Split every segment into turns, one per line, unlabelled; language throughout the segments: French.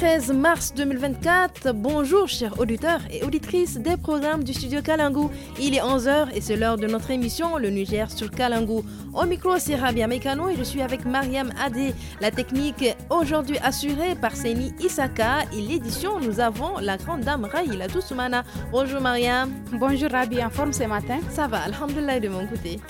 13 mars 2024. Bonjour chers auditeurs et auditrices des programmes du studio Kalangou. Il est 11h et c'est l'heure de notre émission Le Niger sur Kalangou. Au micro, c'est Rabia Mekano et je suis avec Mariam Adé. La technique aujourd'hui assurée par Seni Isaka et l'édition, nous avons la grande dame Raïla Toussoumana. Bonjour Mariam. Bonjour Rabia, en forme ce matin Ça va, alhamdulillah de mon côté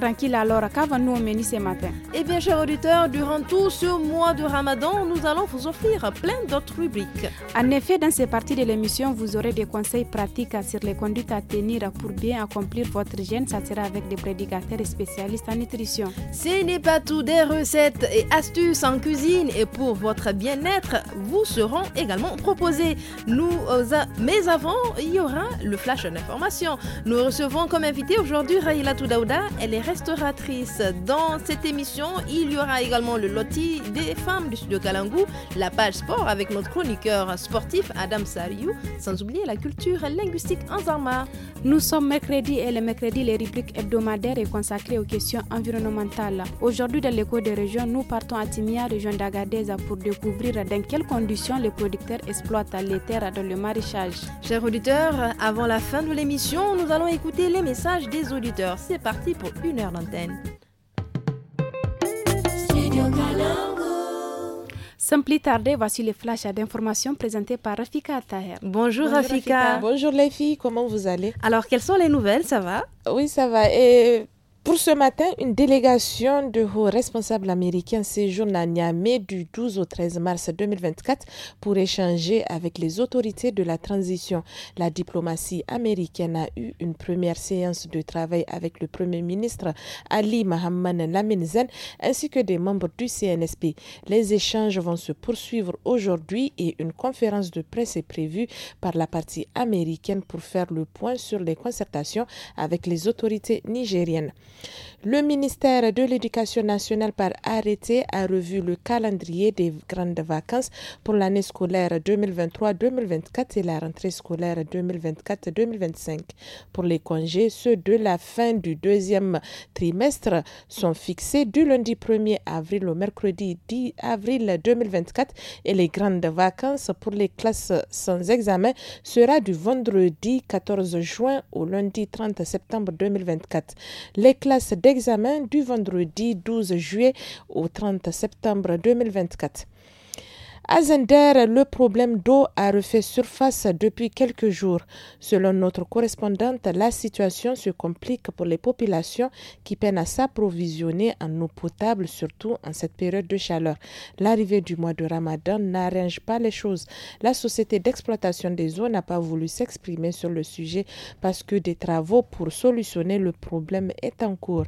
tranquille
alors. Qu'avons-nous au menu ce matin Eh bien, chers auditeurs, durant tout ce mois de Ramadan, nous allons
vous offrir plein d'autres rubriques.
En effet, dans ces parties de l'émission, vous aurez des conseils pratiques sur les conduites à tenir pour bien accomplir votre hygiène, Ça sera avec des prédicateurs et spécialistes
en nutrition. Ce n'est pas tout des recettes et astuces en cuisine et pour votre bien-être vous seront également proposées. Nous, euh, mais avant, il y aura le flash d'information. Nous recevons comme invité aujourd'hui Raïla Toudaouda. Elle est Restauratrice. Dans cette émission, il y aura également le loti des femmes du studio Kalangu, la page sport avec notre chroniqueur sportif Adam Sariou, sans oublier la culture linguistique
en Nous sommes mercredi et le mercredi, les rubriques hebdomadaires est consacrées aux questions environnementales. Aujourd'hui, dans l'écho des régions, nous partons à Timia, région d'Agadeza pour découvrir dans quelles conditions les producteurs exploitent les terres dans le maraîchage. Chers auditeurs,
avant la fin de l'émission, nous allons écouter les messages des auditeurs. C'est parti pour une l'antenne. Sans plus
tarder, voici les flashs d'informations présentés par Rafika Taher. Bonjour, Rafika.
Bonjour les filles, comment vous allez Alors, quelles sont les nouvelles Ça va Oui, ça va. Et pour ce matin, une délégation de hauts responsables américains séjourne à Niamey du 12 au 13 mars 2024 pour échanger avec les autorités de la transition. La diplomatie américaine a eu une première séance de travail avec le Premier ministre Ali Mohamed Laminzen ainsi que des membres du CNSP. Les échanges vont se poursuivre aujourd'hui et une conférence de presse est prévue par la partie américaine pour faire le point sur les concertations avec les autorités nigériennes. Le ministère de l'Éducation nationale, par arrêté, a revu le calendrier des grandes vacances pour l'année scolaire 2023-2024 et la rentrée scolaire 2024-2025. Pour les congés, ceux de la fin du deuxième trimestre sont fixés du lundi 1er avril au mercredi 10 avril 2024 et les grandes vacances pour les classes sans examen sera du vendredi 14 juin au lundi 30 septembre 2024. Les classe d'examen du vendredi 12 juillet au 30 septembre 2024. À Zender, le problème d'eau a refait surface depuis quelques jours. Selon notre correspondante, la situation se complique pour les populations qui peinent à s'approvisionner en eau potable, surtout en cette période de chaleur. L'arrivée du mois de Ramadan n'arrange pas les choses. La société d'exploitation des eaux n'a pas voulu s'exprimer sur le sujet parce que des travaux pour solutionner le problème est en cours.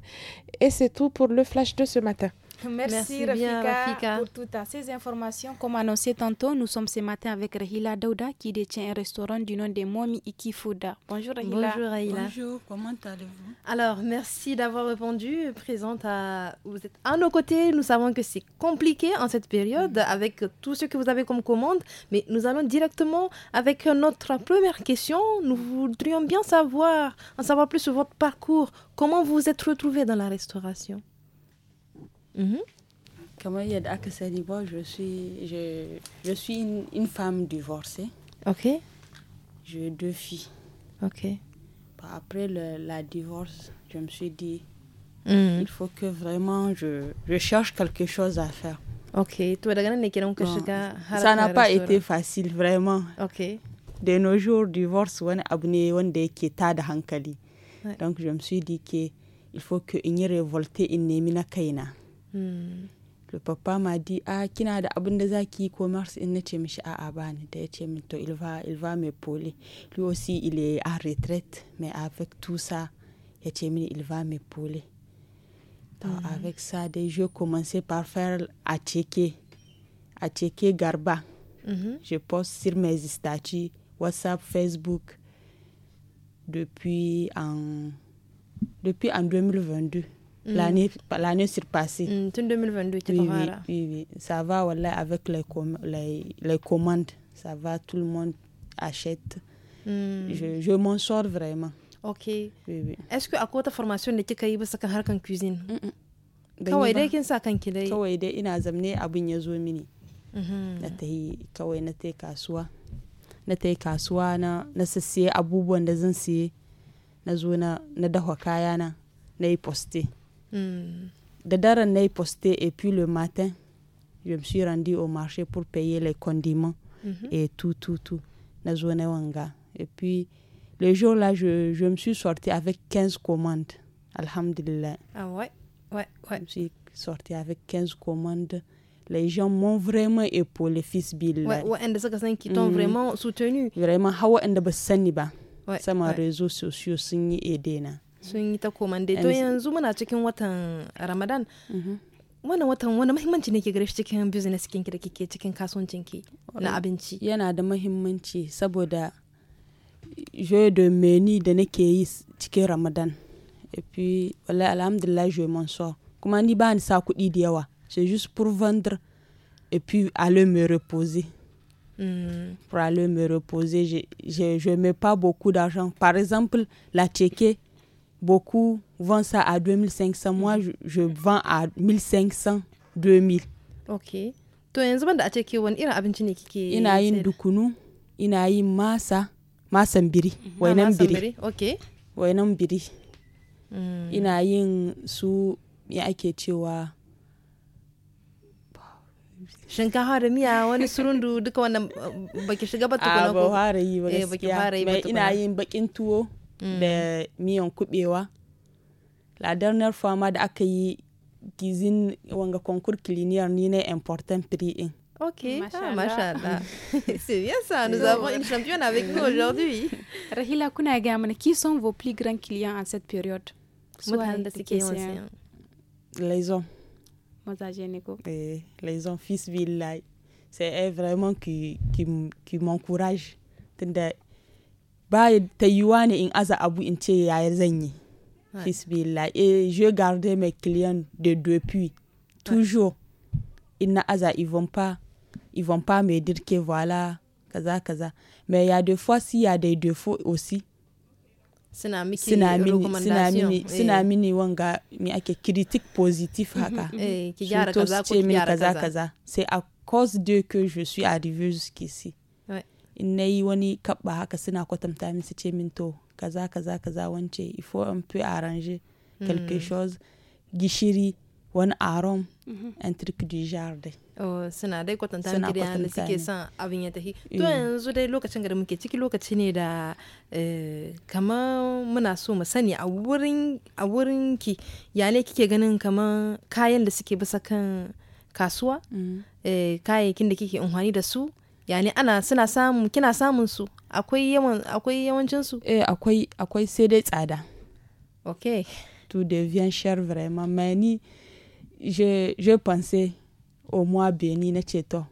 Et c'est tout pour le flash de ce matin.
Merci, Rafika, pour toutes ces informations. Comme annoncé tantôt, nous sommes ce matin avec Rahila Daouda qui détient un restaurant du nom de Momi Ikifuda.
Bonjour Rahila. Bonjour Bonjour,
comment allez-vous
Alors, merci d'avoir répondu. Présente à... Vous êtes à nos côtés. Nous savons que c'est compliqué en cette période mm. avec tout ce que vous avez comme commande. Mais nous allons directement avec notre première question. Nous voudrions bien savoir, en savoir plus sur votre parcours. Comment vous vous êtes retrouvé dans la restauration
Mm-hmm. je suis, je, je suis une, une, femme divorcée. Ok. J'ai deux filles. Ok. Après le, la divorce, je me suis dit, mm-hmm. il faut que vraiment je, je, cherche quelque chose à faire. Ok. Ça n'a pas été facile, vraiment. Ok. De nos jours, divorce, on abonné, on hankali. Donc, je me suis dit Il faut que une révolte une kaina
le
papa m'a dit ah kina n'a pas da commerce in nace mishi a'a bani da yace to il va il va me lui aussi il est à retraite mais avec tout ça mini il va me donc mm. avec ça des je commençais par faire à checker à checker Garba -hmm. je poste sur mes statuts WhatsApp Facebook depuis en depuis en 2022 Mm. l'année l'année surpassée. Mm, tout 2022, oui, oui, oui, oui, ça va voilà, avec les, com les, les, commandes, ça va, tout le monde achète.
Mm. Je, je
m'en sors vraiment. Ok. Oui, oui.
Est-ce que à quoi ta formation ne kika yi ba sakan harkan cuisine? Mm
-mm. Kawai dai kin
sa kanki dai. Kawai dai ina zamne abin ya zo mini. Mm -hmm. Na ta yi kawai na ta kasuwa. Na ta kasuwa na na sassiye abubuwan da zan siye. Na zo na na dafa kayana na yi poste. Mm. De posté et puis le matin, je me suis rendue au marché pour payer les condiments mhm. et tout, tout, tout. Et puis le jour-là, je, je, me suis sortie avec 15 commandes. Alhamdulillah. Ah ouais, ouais, ouais. Je me suis sortie avec 15 commandes les gens m'ont vraiment épaulé, fils Bill. Ouais,
ouais, qui t'ont mhm. vraiment
soutenu. Vraiment, hawa enda basani ba. Ouais, mon ouais. réseaux sociaux signé aidé
sun yi ta komande to yanzu muna cikin watan ramadan mhm. wannan watan wani mahimmanci ne ke gare shi cikin business kinki da kike cikin
kasuwancinki na abinci yana da mahimmanci saboda joye de meni da nake yi cikin ramadan epi wallahi alhamdulillah joye mon so kuma ni ba ni sa kuɗi da yawa c'est juste pour vendre et puis aller me reposer Mm. Pour aller me reposer, je ne mets pas beaucoup d'argent. Par exemple, la tchéquée, beaucoup vendent ça à 2500 moi je, je vends à 1500 2000
ok to yanzu banda a ce ke wani
irin abinci ne kike ina yin dukunu ina yin masa masan biri mm -hmm. Ah, wainan biri ok wainan biri mm. ina yin su ya ake cewa shinkafa da miya wani surundu duka wannan baki shiga ba ah, tukuna ko ba fara yi ba eh, gaskiya ina yin bakin tuwo Mm. mi on kubewa la dernière fois ma da aka yi wanga concours culinaire ni ne important prix in
Ok, ah, C'est bien ça, nous avons une championne avec nous aujourd'hui. Rahila
Kunagamana, qui sont vos plus grands clients en cette période Les
hommes. les hommes, fils Villay. C'est vraiment qui, qui, qui m'encourage ba ta yiwa in aza abu in ce ya zanyi yi fisbillah et eh, je gardais mes clients de depuis toujours ils na aza ils vont pas ils vont pas me dire que voilà kaza kaza mais il y a des fois s'il y a des défauts aussi
suna miki suna mini suna mini
eh. wanga mi ake critique positif haka eh, ki gyara kaza ko ki gyara kaza kaza c'est à cause de que je suis arrivée jusqu'ici in na yi wani kaɓɓa haka suna kwatanta min su ce min to kaza kaza kaza wance ifo an fi arrange quelque mm. chose gishiri wani aron an turki dijar dai
oh, suna dai kwatanta miki da yana suke son abin ya tafi to eh. yanzu dai lokacin da muke ciki lokaci ne da eh, kamar muna so mu sani a wurin a wurin ki yale kike ganin kamar kayan da suke bisa kan kasuwa mm. eh, kayayyakin da kike amfani da su yani ana suna kina samun su akwai yawan akwai yawancin su
eh akwai akwai sai dai tsada ok tout devient cher vraiment mais je je pensais au mois béni na ce to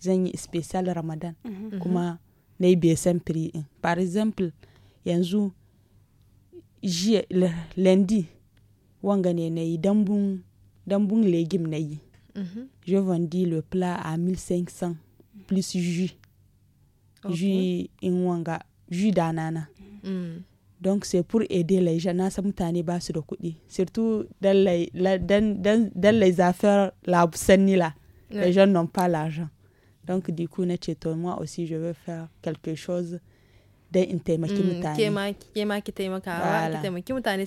zan special ramadan mm -hmm. kuma na par exemple yanzu je lundi wanga ne na dambun legim na je vendis le plat à 1500 plus jus.
Okay. Jus
wanga, jus d'ananas. Mm. Donc c'est pour aider les gens. à samu tani ba su Surtout dans les, dans, dans, dans les affaires la sani là. Les gens n'ont pas l'argent. Donc du coup, toi moi aussi je veux faire quelque chose. don in hmm. mutane.
Ke ma ki taimakawa, mutane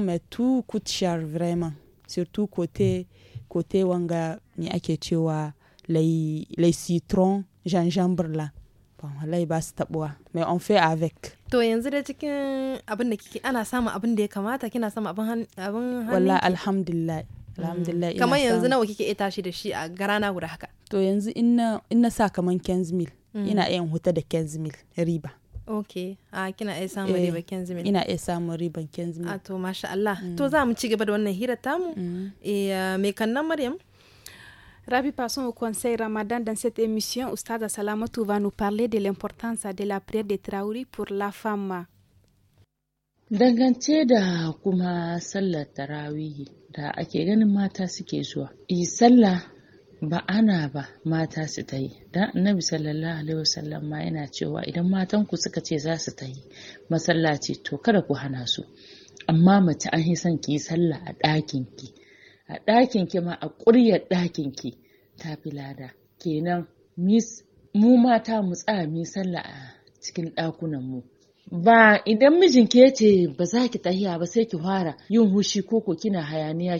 mais tout coûte cher vraiment. Surtout côté, côté wanga me ake cewa les, les citrons gingembre là bon wallahi ba su tabuwa mai on fait avec
to yanzu da cikin abin da kike ana samun abin da ya kamata kina samun abin abin wallahi
alhamdulillah alhamdulillah kamar yanzu nawa
kike tashi da shi a garana guda haka
to yanzu in na sa kaman kenzmil mm. ina iya huta da kenzmil riba
Okay, a ah, kina iya samun riban kenzmin eh, ina iya
samun riban kenzmin a
to masha Allah mm. to za mu ci gaba da wannan hirar tamu mm. e, uh, mai kannan maryam Rabi, passons au
conseil ramadan. Dans cette émission, Oustad Salamatou va nous parler de l'importance de la prière de Traoui pour la femme.
Dangance da kuma sallar tarawihi da ake ganin mata suke zuwa. Yi eh, sallah ba ana ba mata su ta yi. Dan annabi sallallahu alaihi wasallam ma yana cewa idan matan ku suka ce za su ta yi masallaci to kada ku hana su. Amma mace an son ki yi sallah a ɗakin ki. a ɗakin ki ma a ƙuryar ɗakin ki ta fi lada kenan mu mata mu tsaya mu sallah a cikin ɗakunan mu ba idan mijinki ya ce ba za ki tahiya ba sai ki fara yin hushi koko kina hayaniya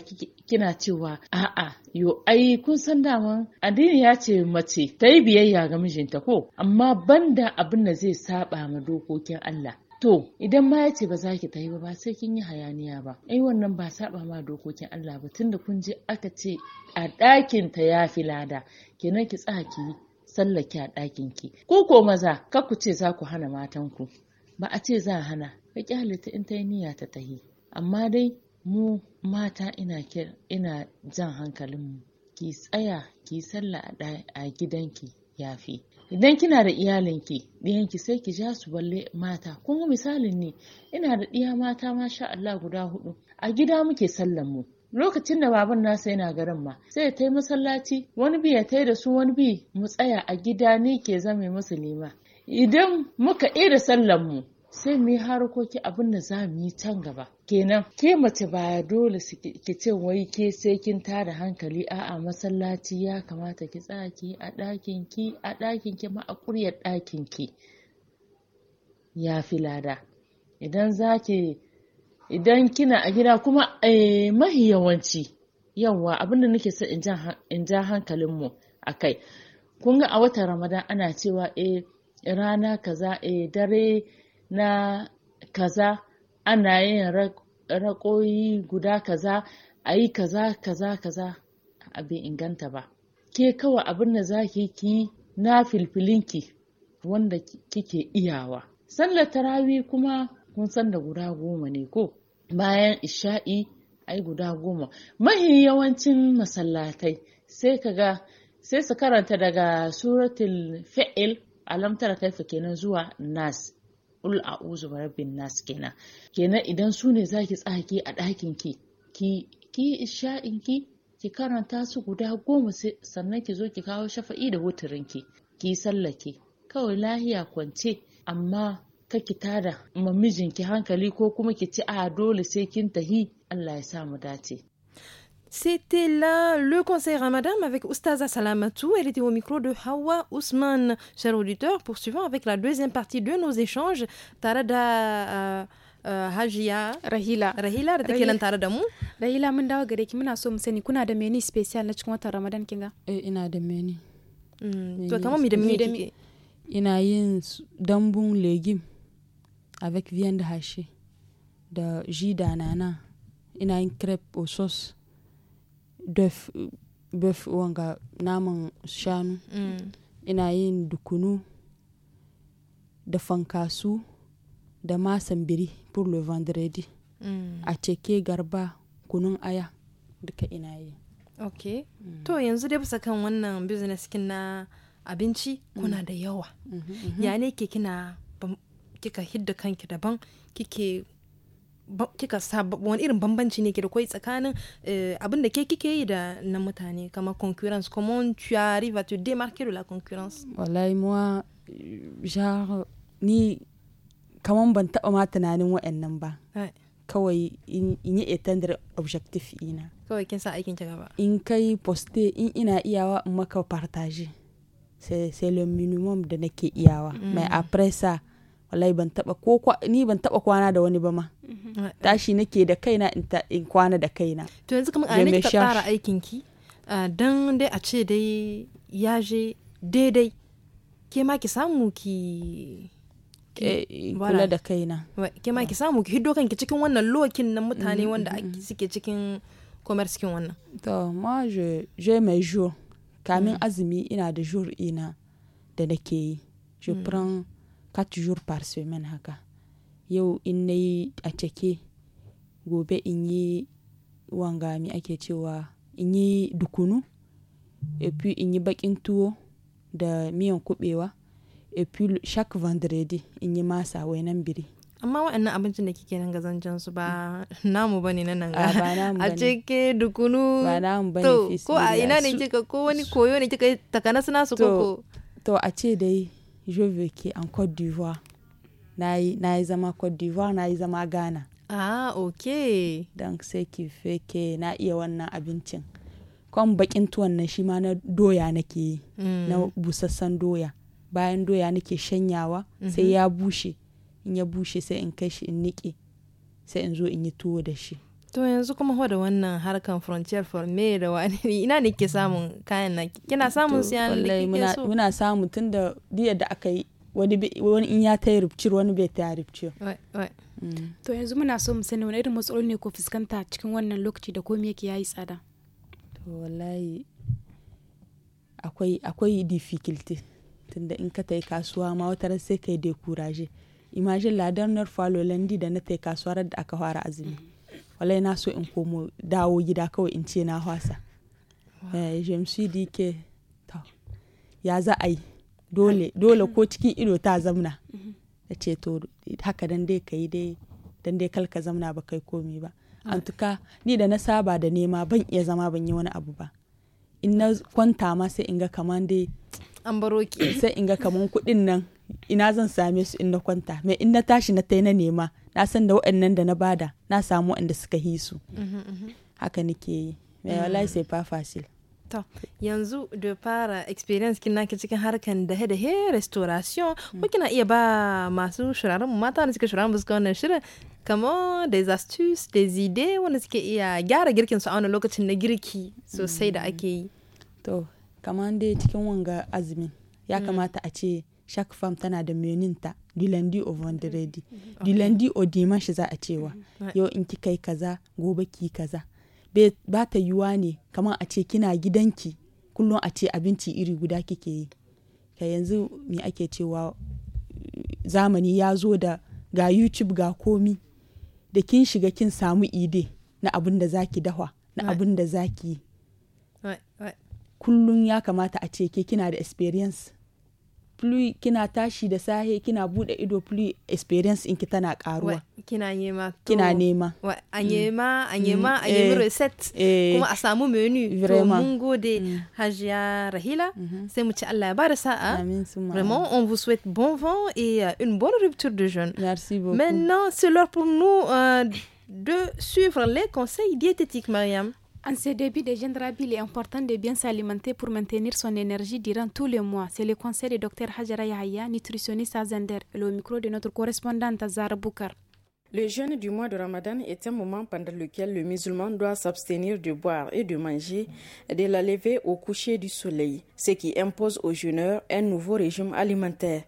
kina cewa a'a yo ai kun san daman addini ya ce mace ta yi biyayya ga mijinta ko amma banda abin da zai saba ma dokokin Allah To idan ma ya ce ba za ki tafi ba ba sai kin yi hayaniya ba. Ai wannan ba saba ma dokokin Allah ba tunda kun je aka ce a ɗakin ta ya fi lada kenan ki tsaya ki sallake a ɗakin ki. Ku ko maza ka ku ce za ku hana matan ku. Ba a ce za a hana ka kyale in ta yi niyya ta tahi. Amma dai mu mata ina ina jan hankalinmu ki tsaya ki sallah a gidanki ya fi idan kina da iyalinki ɗiyanki sai ki ja su balle mata Kuma misalin ne ina da ɗiya mata masha Allah guda hudu a gida muke sallan mu lokacin da baban nasa yana garin ma sai ya tai masallaci wani bi ya tai da su wani bi mu tsaya a gida ni ke zame musu idan muka ira sallan mu sai mu yi harkoki abin da za mu yi can gaba kenan ke mace baya, dole ki ce wai ke sai kin tada hankali a'a masallaci ya kamata ki tsaki a ɗakin ki a ɗakin ki ma a ƙuryar ɗakin ki ya fi lada idan za ki idan kina a gida kuma eh, mahi yawanci yawa abin da nake so in ja mu a kai kun ga a watan ramadan ana cewa eh rana kaza eh dare na kaza ana yin raƙoyi guda kaza a yi kaza kaza kaza a bai inganta ba ke kawai abin da za ki yi na filfilinki wanda kike iyawa sallar tarawi kuma kun san da guda goma ne ko bayan isha'i ai guda goma mahi yawancin masallatai sai kaga sai su karanta daga suratul fi'il alamtar kaifa kenan zuwa nas kul a uzu barabin nas kenan kenan idan su ne za ki tsaki a ɗakin ki ki ki ki ki karanta su guda goma sannan ki zo ki kawo shafa'i da wuturin ki ki sallake kawai lahiya kwance amma ka ki tada ma mijinki hankali ko kuma ki ci a dole sai kin tahi Allah ya sa mu dace C'était là le conseil Ramadan avec Oustaza Salamatou.
Elle était au micro de Hawa Ousmane. Cher auditeur, poursuivons avec la deuxième partie de nos échanges. Tarada. Euh, euh, Hajia Rahila Rahila da take nan tare
Rahila mon dawa gare ki so mseni kuna da meni special na Ramadan kinga eh
ina da
to
ina avec viande hachée da jus d'ananas ina yin crêpe au sauce def wanga naman shanu mm. ina yin dukunu da fankasu da masan biri pour le vendredi mm. a cike garba kunun aya duka ina yi
ok mm. to yanzu dai bisa kan wannan business kin na abinci mm. kuna da
yawa -hmm, -hmm. ya ne
ke kina kika hidda kanki daban kike kika wani irin bambanci ne ke da kwai tsakanin eh, abin da ke kike yi da na mutane kamar concurrence comment tu arrives à te démarquer de la concurrence
wallahi moi genre ni kaman ban taba ma tunanin wa'annan ba kawai in yi etendre objectif ina
kawai kin sa aikin gaba
in kai poste in ina iyawa in maka partage c'est le minimum da nake iyawa mm. mai après ça wallahi ban taba ko ni ban taba kwana da wani ba ma mm-hmm. tashi nake da kaina in kwana da kaina
to yanzu kamar a ne ta tsara aikin ki dan dai a ce dai ya je daidai ke ma ki samu ki
eh, kula da kaina
ke ma ki samu ki hiddo kanki cikin wannan lokin nan mutane mm-hmm, wanda mm-hmm. suke
cikin commerce kin wannan to ma je je mai jour kamin mm. azumi ina da jour ina da nake yi je mm. prends 4 jours par semaine haka yau in na yi a cake gobe in yi wangami ake cewa in yi dukunu epi in yi bakin tuwo da miyan kubewa epi shak vendredi in yi masa wainan biri
amma waɗannan abincin da kike nan gazancan su ba namu bane na nan a cike
dukunu ba namu bane to ko a ina ne kika ko wani koyo ne kika takana suna su koko to a ce dai Jobe ke an Cote Na yi zama Cote d'Ivoire, na yi zama Ghana. Ah, na iya wannan abincin. Kwan baƙin tuwon na shi ma na doya nake yi, mm. na busassan doya. Bayan doya nake shanyawa, sai mhm. ya bushe. In ya bushe sai in kai shi in niƙe, sai in zo in yi tuwo da shi.
To yanzu kuma ho da wannan harkan frontier for me da wani ina ne ke samun kayan na kina samun
siyan da kike so? Muna
samu tun da diya da aka yi wani in ya ta yi rupcir wani bai ta rufci. Mm.
To yanzu muna so mu sani wani irin matsaloli ne ko fuskanta cikin wannan lokaci da komai yake yayi tsada.
To wallahi akwai akwai difficulty tunda in ka tai kasuwa ma wata sai kai kuraje Imagine ladar dernière falo landi da na tai kasuwar da aka fara azumi. Mm. Walai na so in komo dawo gida kawai in ce na hwasa eh, ya za a yi dole dole ko cikin ido ta zamna da ce to haka dan dai kai dai dan dai kalka zamna ba kai komi ba an tuka ni da na saba da nema ban iya zama ban yi wani abu ba in na kwanta ma sai in ga kaman dai an baro sai in ga kaman kuɗin nan ina zan same su in na kwanta mai in na tashi na tai na nema na san da waɗannan da na bada na samu waɗanda suka hi su mhm, mhm. haka nake yi eh, mai mm. wallahi sai fa fasil
To, yanzu da fara experience kina ke cikin harkan dahe dahe restoration ko mm. kina iya ba masu shirarin mata da suke ba suka wannan shirin kamar des Zastus, da zide wanda suke iya
gyara girkin su a wani lokacin na girki sosai da mm. ake yi. To, kamar dai cikin wanga azumin ya kamata a ce chaque femme tana da meninta du lundi au vendredi mhm. Mhm. du lundi au dimanche za a cewa mhm. yo yau in ki kai kaza gobe ki kaza ba ta yiwa ne kamar a ce kina gidanki kullum a ce abinci iri guda kike yi ka yanzu me ake cewa zamani ya zo da ga youtube ga komi da kin shiga kin samu ide na abin da zaki dawa na abin da zaki right. kullum ya kamata a ce ke kina da experience plus kina tashi da sahe kina bude ido plus experience in ki tana karuwa
kina nema kina nema anyema nema a nema a mm. nemi mm. eh. reset eh. kuma a samu
menu Vraiment. mun
gode mm. hajiya rahila mm-hmm. sai mu ci Allah ya bada sa'a vraiment on vous souhaite bon vent et euh, une bonne rupture de jeûne merci beaucoup maintenant c'est l'heure pour nous euh, de suivre les conseils
diététiques Mariam en ce début de Gendrabi, il est important de bien s'alimenter pour maintenir son énergie durant tous les mois. C'est le conseil du docteur Hajara Yahya, nutritionniste à Zender, et le micro de notre correspondante Zara Boukar.
Le jeûne du mois de Ramadan est un moment pendant lequel le musulman doit s'abstenir de boire et de manger de la lever au coucher du soleil, ce
qui impose au jeûneur un nouveau régime alimentaire.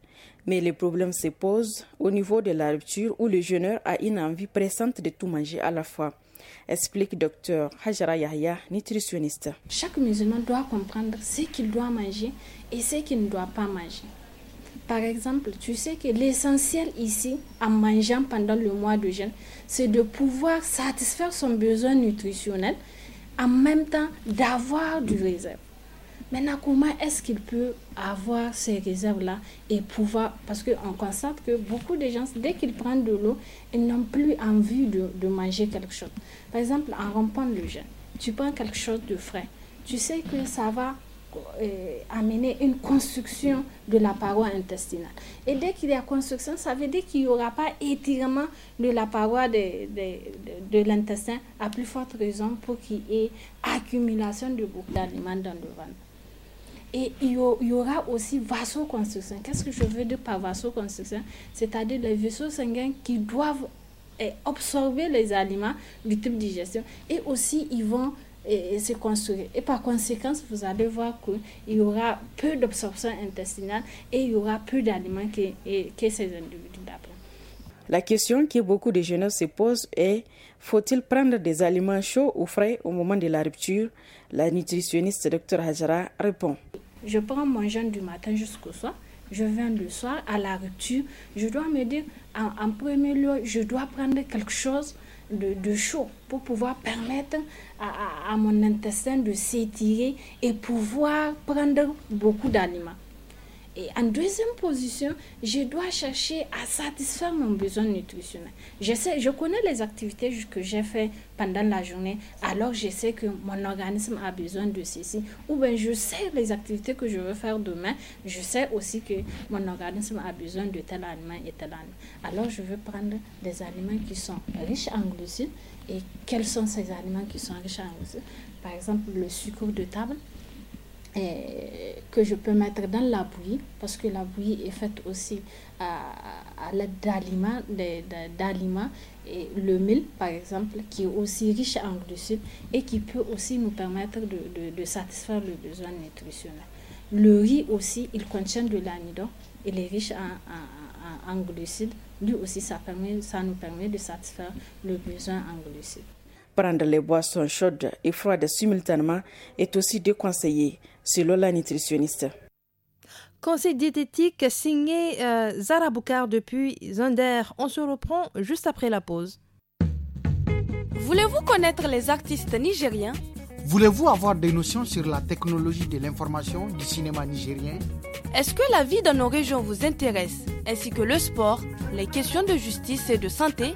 Mais les problèmes se posent au
niveau de la rupture où le jeûneur a une envie pressante de tout manger à la fois explique docteur Hajara Yahya, nutritionniste. Chaque
musulman doit comprendre ce qu'il doit manger et ce qu'il ne doit pas manger. Par exemple, tu sais que l'essentiel ici, en mangeant pendant le mois de jeûne, c'est de pouvoir satisfaire son besoin nutritionnel, en même temps d'avoir du réserve. Maintenant, comment est-ce qu'il peut avoir ces réserves-là et pouvoir... Parce qu'on constate que beaucoup de gens, dès qu'ils prennent de l'eau, ils n'ont plus envie de, manger quelque chose. Par exemple, en rompant le jeûne, tu prends quelque chose de frais. Tu sais que ça va euh, amener une construction de la paroi intestinale. Et dès qu'il y a construction, ça veut dire qu'il n'y aura pas étirement de la paroi de, de l'intestin, à plus forte raison pour qu'il y ait accumulation de beaucoup d'aliments dans le ventre. Et il y aura aussi construction Qu'est-ce que je veux dire par vasoconstruction C'est-à-dire les vaisseaux sanguins qui doivent eh, absorber les aliments du type digestion et aussi ils vont eh, eh, se construire. Et par conséquent, vous allez voir qu'il y aura peu d'absorption intestinale et il y aura peu d'aliments que, ces individus d'après.
La question que beaucoup de jeunes se posent est faut-il prendre des aliments chauds ou frais au moment de la rupture La nutritionniste Dr Hajara répond.
Je prends mon jeûne du matin jusqu'au soir. Je viens le soir à la rupture. Je dois me dire, en, premier lieu, je dois prendre quelque chose de, chaud pour pouvoir permettre à, mon intestin de s'étirer et pouvoir prendre beaucoup d'animaux. Et en deuxième position, je dois chercher à satisfaire mon besoin nutritionnel. Je, connais les activités que j'ai faites pendant la journée, alors je sais que mon organisme a besoin de ceci. Ou bien je sais les activités que je veux faire demain, je sais aussi que mon organisme a besoin de tel aliment et tel aliment. Alors je veux prendre des aliments qui sont riches en glucides. Et quels sont ces aliments qui sont riches en glucides Par exemple, le sucre de table que je peux mettre dans la bouillie, parce que la bouillie est faite aussi à, à l'aide d'aliments, d'aliments et le mil par exemple, qui est aussi riche en glucides et qui peut aussi nous permettre de, de, de satisfaire le besoin nutritionnel. Le riz aussi, il contient de l'amidon, il est riche en, en, glucides, lui aussi ça, ça nous permet de satisfaire le besoin en glucides.
Prendre les boissons chaudes et froides simultanément est aussi déconseillé, selon la nutritionniste.
Conseil diététique signé euh, Zara Boukar depuis Zander. On se reprend juste après la pause. Voulez-vous connaître les artistes nigériens
Voulez-vous avoir des notions sur la technologie de l'information du cinéma nigérien
Est-ce que la vie dans nos régions vous intéresse, ainsi que le sport, les questions de justice et de santé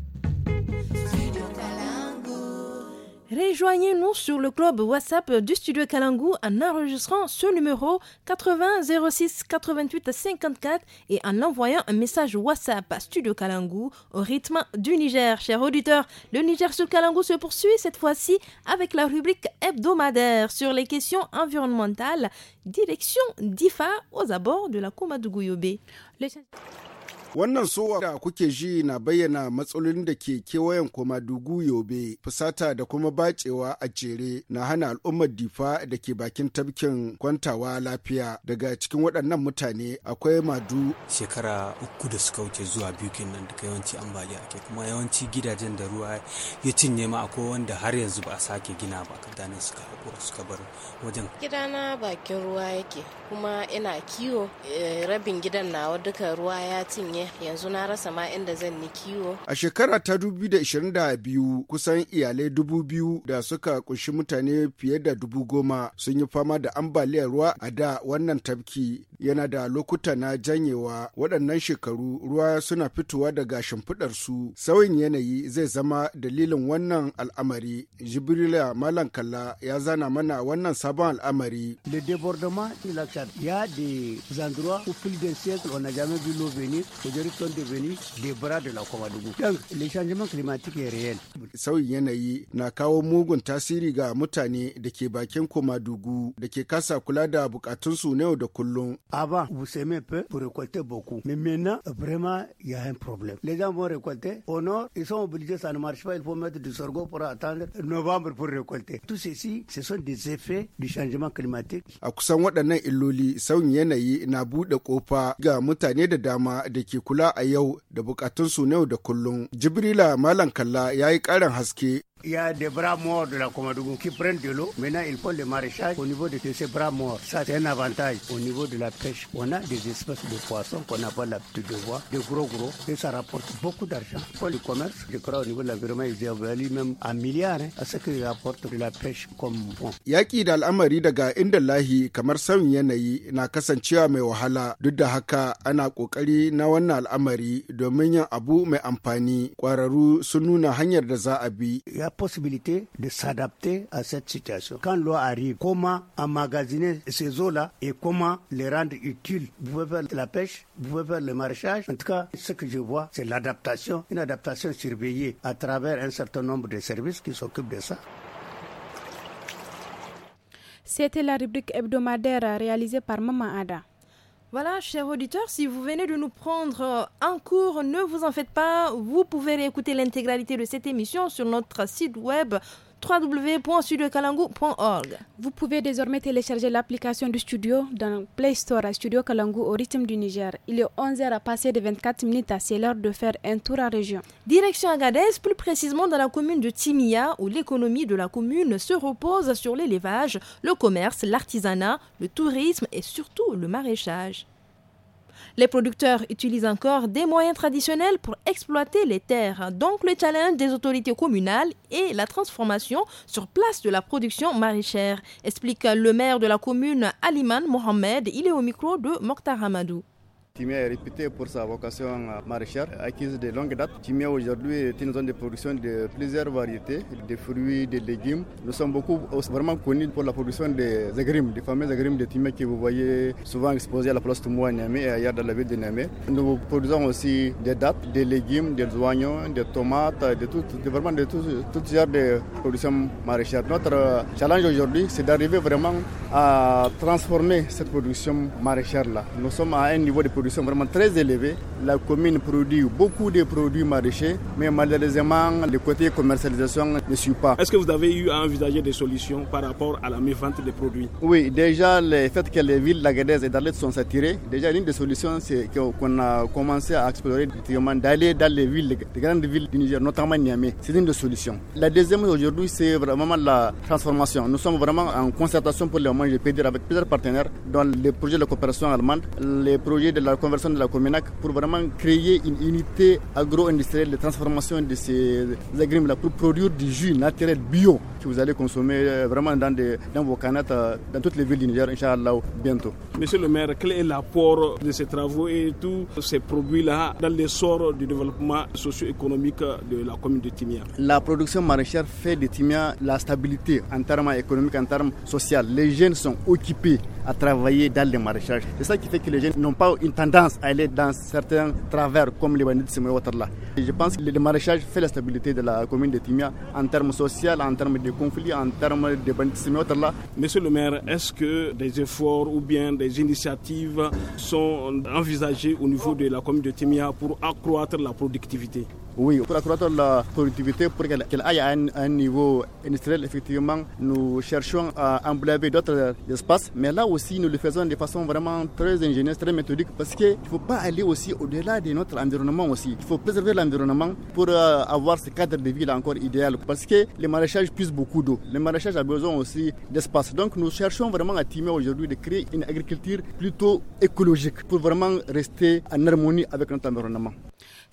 Rejoignez-nous sur le club WhatsApp du studio Kalangu en enregistrant ce numéro 80 06 88 54 et en envoyant un message WhatsApp à Studio Kalangu au rythme du Niger. Chers auditeurs, le Niger sur Kalangu se poursuit cette fois-ci avec la rubrique hebdomadaire sur les questions environnementales, direction d'IFA aux abords de la de
Wannan sowa da kuke ji na bayyana matsalolin da ke kewayen dugu Yobe, fusata da kuma bacewa a jere na hana al'ummar difa da ke bakin tafkin kwantawa lafiya. Daga cikin waɗannan mutane akwai madu. Shekara uku
da suka wuce zuwa biyu kenan duka yawanci ambaliya
ake kuma yawanci gidajen da ruwa
ya cinye ma akwai wanda har yanzu ba a sake gina ba kadanin suka haƙura suka bar wajen.
Gidana bakin ruwa yake kuma ina kiwo eh, rabin gidan nawa duka ruwa ya cinye ne yanzu na rasa ma inda zan ni kiwo.
A shekara ta biyu kusan iyalai dubu biyu da suka kunshi mutane fiye da dubu goma sun yi fama da ambaliyar ruwa a da wannan tafki yana da lokuta na janyewa waɗannan shekaru ruwa suna fitowa daga shimfiɗar su sauyin yanayi zai zama dalilin wannan al'amari jibrila malam kalla ya zana mana wannan sabon al'amari.
Le débordement ya de zandroit au fil d'un siècle on n'a jamais vu l'eau venir kujeru sont devenus des bras de la Comadougou. Donc, le changement climatique est réel.
Sauyin yanayi na kawo mugun tasiri ga mutane da ke bakin Komadugu da ke kasa kula da bukatunsu na yau da kullum.
Avant, vous aimez peu pour récolter beaucoup. Mais maintenant, vraiment, il y a un problème. Les gens vont récolter. Au nord, ils sont obligés, ça ne marche pas, il faut mettre du sorgho pour attendre novembre pour récolter. Tout ceci, ce sont des effets du changement climatique.
A kusan waɗannan illoli sauyin yanayi na buɗe ƙofa ga mutane da dama da ke kula a yau da bukatunsu na yau da kullum. Jibrila Malam Kalla ya yi ƙarin
haske Il y a des bras morts de la Comadougou qui prennent de l'eau. Maintenant, ils font le maraîchage au niveau de ces bras morts. Ça, c'est un avantage. Au niveau de la pêche, on a des espèces de poissons qu'on n'a pas l'habitude de voir, de gros gros, et ça rapporte beaucoup d'argent. Pour le commerce, je crois au niveau de l'environnement, ils valu même un milliard hein, à ce qu'ils apportent de la pêche comme bon.
Yaki da amari daga indallahi kamar sauyin yanayi na kasancewa mai wahala duk da haka ana kokari na wannan al'amari domin yin abu mai amfani. Kwararru sun nuna hanyar da za a bi.
Ya possibilité de s'adapter à cette situation. Quand l'eau arrive, comment emmagasiner ces eaux-là et comment les rendre utiles Vous pouvez faire la pêche, vous pouvez faire le maraîchage. En tout cas, ce que je vois, c'est l'adaptation, une adaptation surveillée à travers un certain nombre de services qui s'occupent de ça.
C'était la rubrique hebdomadaire réalisée par Maman Ada.
Voilà, chers auditeurs, si vous venez de nous prendre en cours, ne vous en faites pas. Vous pouvez réécouter l'intégralité de cette émission sur notre site web www.studiokalangu.org. Vous pouvez désormais télécharger
l'application du studio dans Play Store à Studio Kalangu au rythme du Niger. Il est 11h à passer
de 24 minutes. C'est l'heure
de faire un tour à région.
Direction Agadez, plus précisément dans la commune de Timia, où l'économie de la commune se repose sur l'élevage, le commerce, l'artisanat, le tourisme et surtout le maraîchage. Les producteurs utilisent encore des moyens traditionnels pour exploiter les terres. Donc le challenge des autorités communales est la transformation sur place de la production maraîchère, explique le maire de la commune Aliman Mohamed. Il est au micro de Mokhtar Hamadou.
Timia est réputé pour sa vocation maraîchère, acquise de longue date. Timia aujourd'hui est une zone de production de plusieurs variétés, de fruits, de légumes. Nous sommes beaucoup vraiment connus pour la production des agrimes, des fameux agrimes de Timia que vous voyez souvent exposés à la place Toumoua à et ailleurs dans la ville de Niamey. Nous produisons aussi des dates, des légumes, des oignons, des tomates, de vraiment de toutes sortes de productions maraîchères. Notre challenge aujourd'hui, c'est d'arriver vraiment à transformer cette production maraîchère-là. Nous sommes à un niveau de sont vraiment très élevés. La commune produit beaucoup de produits maraîchers, mais malheureusement, le côté commercialisation ne suit pas. Est-ce que vous avez eu à envisager des solutions par rapport à la mi-vente des produits Oui, déjà, le fait que les villes Lagadez et Dalet sont saturées, déjà, l'une des solutions, c'est qu'on a commencé à explorer d'aller dans les villes, les grandes villes du Niger, notamment Niamey. C'est une des solutions. La deuxième aujourd'hui, c'est vraiment la transformation. Nous sommes vraiment en concertation pour le moment, je peux dire, avec plusieurs partenaires, dans les projets de coopération allemande, les projets de la conversion de la commune pour vraiment créer une unité agro-industrielle de transformation de ces agrumes-là pour produire du jus naturel bio que vous allez consommer euh, vraiment dans, dans vos canettes, euh, dans toutes les villes du Niger, Inch'Allah, bientôt.
Monsieur le maire, quel est l'apport de ces travaux et tous ces
produits-là dans l'essor du développement socio-économique de la commune de Timia La production maraîchère fait de Timia la stabilité en termes économiques, en termes sociaux. Les jeunes sont occupés à travailler dans le maraîchages. C'est ça qui fait que les jeunes n'ont pas une tendance à aller dans certains travers comme les bandits de là. Je pense que le maraîchage fait la stabilité de la commune de Timia en termes sociaux, en termes de conflits, en termes de bandits de là. Monsieur le maire, est-ce que des efforts ou bien des initiatives sont envisagées au niveau de la commune de Timia pour accroître la productivité oui, pour accroître la productivité, pour qu'elle aille à un, niveau industriel, effectivement, nous cherchons à emblaver d'autres espaces. Mais là aussi, nous le faisons de façon vraiment très ingénieuse, très méthodique, parce qu'il ne faut pas aller aussi au-delà de notre environnement aussi. Il faut préserver l'environnement pour euh, avoir ce cadre de ville encore idéal, parce que les maraîchages puissent beaucoup d'eau. Les maraîchage a besoin aussi d'espace. Donc, nous cherchons vraiment à timer aujourd'hui de créer une agriculture plutôt écologique pour vraiment rester en harmonie avec notre environnement.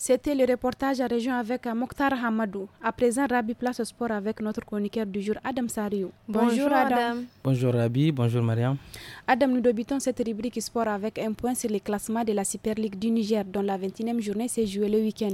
C'était le reportage à Région avec Mokhtar Hamadou. À présent, Rabi place au sport avec notre chroniqueur du jour, Adam Sariou. Bonjour, Adam.
Bonjour Rabi, bonjour Mariam.
Adam, nous débutons cette rubrique sport avec un point sur les classements de la Super League du Niger, dont la 21e journée s'est jouée le week-end.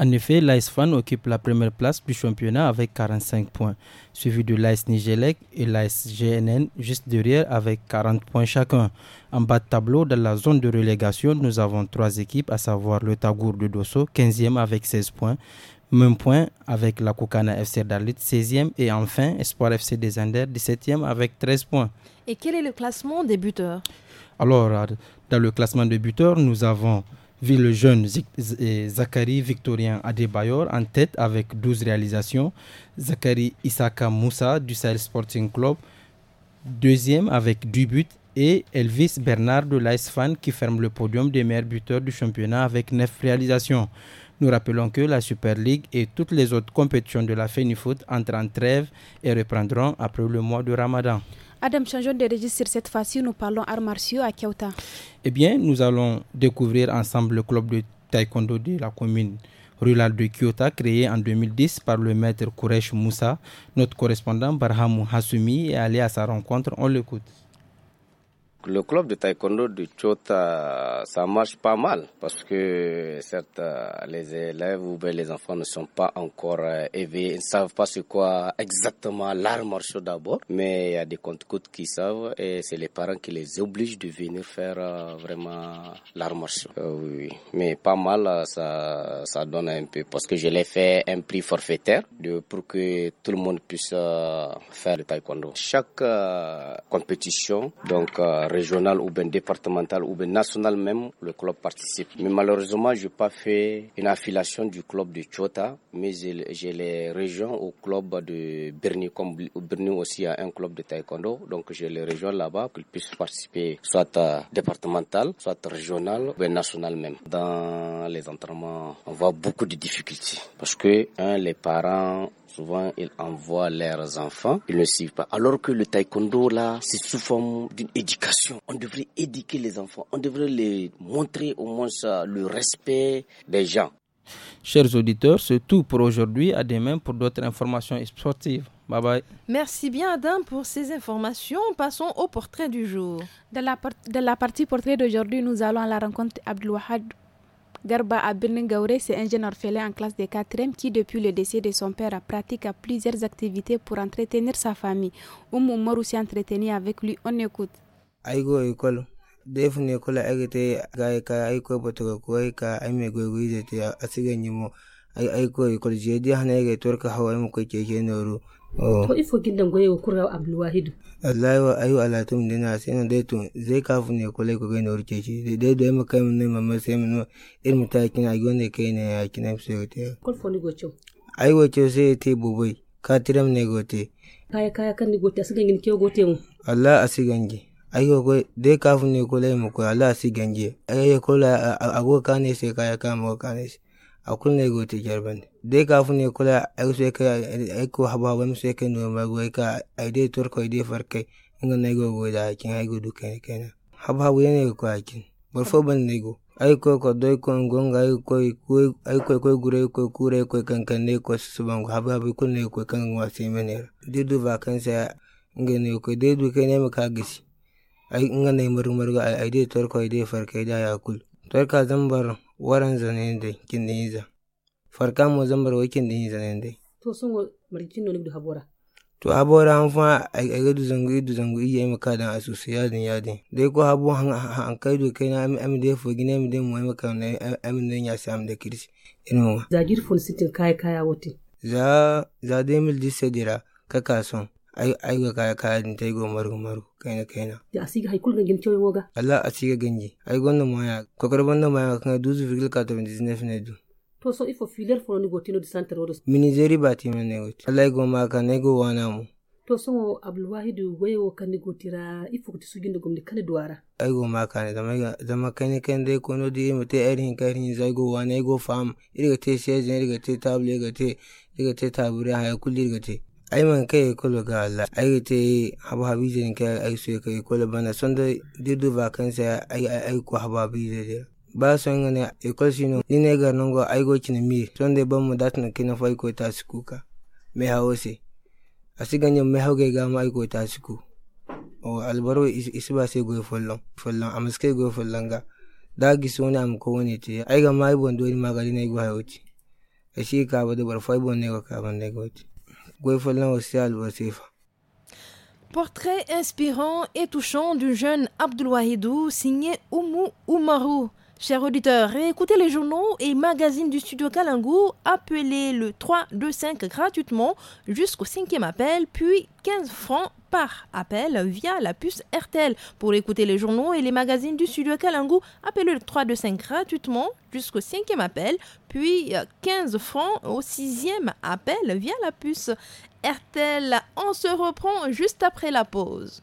En effet, l'AS Fan occupe la première place du championnat avec 45 points, suivi de l'AS Nigelec et l'AS GNN juste derrière avec 40 points chacun. En bas de tableau, dans la zone de relégation, nous avons trois équipes, à savoir le Tagour de Dosso, 15e avec 16 points, même point avec la Koukana FC Dalit, 16e. Et enfin, Espoir FC Desender, 17e avec 13 points.
Et quel est le classement des buteurs
Alors, euh, dans le classement des buteurs, nous avons vu le jeune Zachary Victorien Adebayor en tête avec 12 réalisations. Zachary Isaka Moussa du Sahel Sporting Club, deuxième avec 10 buts. Et Elvis Bernard de l'Ice qui ferme le podium des meilleurs buteurs du championnat avec 9 réalisations. Nous rappelons que la Super League et toutes les autres compétitions de la FENIFOOT entrent en trêve et reprendront après le mois de Ramadan.
Adam, changeons de registre cette fois-ci, nous parlons arts martiaux à Kyoto.
Eh bien, nous allons découvrir ensemble le club de taekwondo de la commune rurale de Kyoto, créé en 2010 par le maître Kuresh Moussa. Notre correspondant Barhamou Hassoumi est allé à sa rencontre, on l'écoute.
Le club de taekwondo de Chota, ça marche pas mal parce que certes les élèves ou bien les enfants ne sont pas encore euh, élevés. ils ne savent pas ce quoi exactement l'art marchand d'abord, mais il y a des comptes qui savent et c'est les parents qui les obligent de venir faire euh, vraiment l'art marchand. Euh, oui, mais pas mal ça, ça donne un peu parce que je l'ai fait un prix forfaitaire de, pour que tout le monde puisse faire le taekwondo. Chaque compétition donc régional ou bien départemental ou bien national même, le club participe. Mais malheureusement, je n'ai pas fait une affiliation du club de Chota, mais j'ai les régions au club de Berny comme Berny aussi a un club de taekwondo, donc j'ai les régions là-bas qu'ils puissent participer soit euh, départemental, soit régional ou bien national même. Dans les entraînements, on voit beaucoup de difficultés parce que, les parents Souvent, ils envoient leurs enfants, ils ne suivent pas. Alors que le taekwondo, là, c'est sous forme d'une éducation. On devrait éduquer les enfants, on devrait les montrer au moins le respect des gens.
Chers auditeurs, c'est tout pour aujourd'hui. À demain pour d'autres informations sportives. Bye bye.
Merci bien Adam pour ces informations. Passons au portrait du jour.
Dans la, de la partie portrait d'aujourd'hui, nous allons à la rencontre d'Abdelwahad Garba à Gauré, c'est un jeune orphelin en classe de 4e qui, depuis le décès de son père, a pratiqué plusieurs activités pour entretenir sa famille. Oumou Morou s'est entretenu avec lui. On écoute.
Aïgo école. Defu ne kula agite gai aïko aiko batuka kuai ka aïko goigoi zete asiga nyimo aiko école. J'ai dit hana gai torka hawa aimo koi keke noru. to oh.
ifo gindan goye wa kura abdulwahid
wallahi wa ayu ala tum dina sai na dai to zai kafu ne kole ko gaina urke shi dai dai mu kai mun ne mamma sai mun irin ta kina gonde kai ne ya kina sai ta
kulfo ni gocho
ai wace sai te bubai ka tiram ne gote
kaya kaya kan ni gote asigan gin ke gote mu
Allah asigan gi ai ko dai kafu ne kole mu ko Allah asigan gi ai ko la agoka ne sai kaya kama ka ne sai a kulle go te jarban de ka fu ne kula ay se ka ay ko haba ba se ka no ma go ka ay de tor ko de far kai inga ne go go da kin ay go du ne kana haba haba ne ko akin bor fo ban ne go ay ko ko do ko ngonga ay ko ay ko ko gure ko kure ko kan kan ne ko su ban go haba haba kul ne ko kan wa se mene de du kan vacancy inga ne ko de du kai ne ma ka gisi ay inga ne murmur ga ay de tor ko de far kai da ya kul tor ka zambar waran zanende kindiniza farkamo zambarwo kindiniza nende
to marikin maricino nibdu habora
to habora an fa a ga duzangu i duzangu i yai maka dan asusu yadin yadin dai ko habo han kai do kai na am da fo gine am da mu maka na am da ya sam da kirsi inu
za gir fon sitin kai
kaya wote za za mil disedira ka kason aiga kaya kaya din tai go maru maru kaina kaina
ya asiga hay kulga gin choyo woga
Allah asiga ganji ai moya ko kokor bonna moya kan duzu virgil ka to business ne du
to so ifo filer fo ni gotino di santer wodo
mini zeri bati men ne wot Allah go ma ka ne go wana mu
to so abul wahidu wayo kan ni gotira ifo kuti sugin da gomni kala duwara
ai go ma ka ne zama zama kan kan dai ko no di mutai erin kan zai go wana go fam irga te sheje irga te table irga te irga te tabure hay kulli irga te ay man ka ye kolo ga la ay te habu habi jen ka ay so ka ye kolo bana sonda didu vacancy ay ay ko habu habi jen ba son ngane shi sino ni ne ga nongo ay go chine mi da ba mu dat na kina fay ko ta ka. me a asiga nyam me hawge ga mu ay ko ta suku o albaro isiba se go follon follon kai go follon ga da gi sona am ko woni te ay ga mai bon do ni magari ne go hawti shi ka ba da bar fay bon ne go ka ban ne go ti
Portrait inspirant et touchant du jeune Wahidou signé Oumou Oumarou. Chers auditeurs, écoutez les journaux et magazines du studio Kalangou, appelez le 325 gratuitement jusqu'au cinquième appel, puis 15 francs par appel via la puce RTL. Pour écouter les journaux et les magazines du studio Kalangou, appelez le 325 gratuitement jusqu'au cinquième appel, puis 15 euh, francs au sixième appel via la puce RTL. On
se reprend juste après la pause.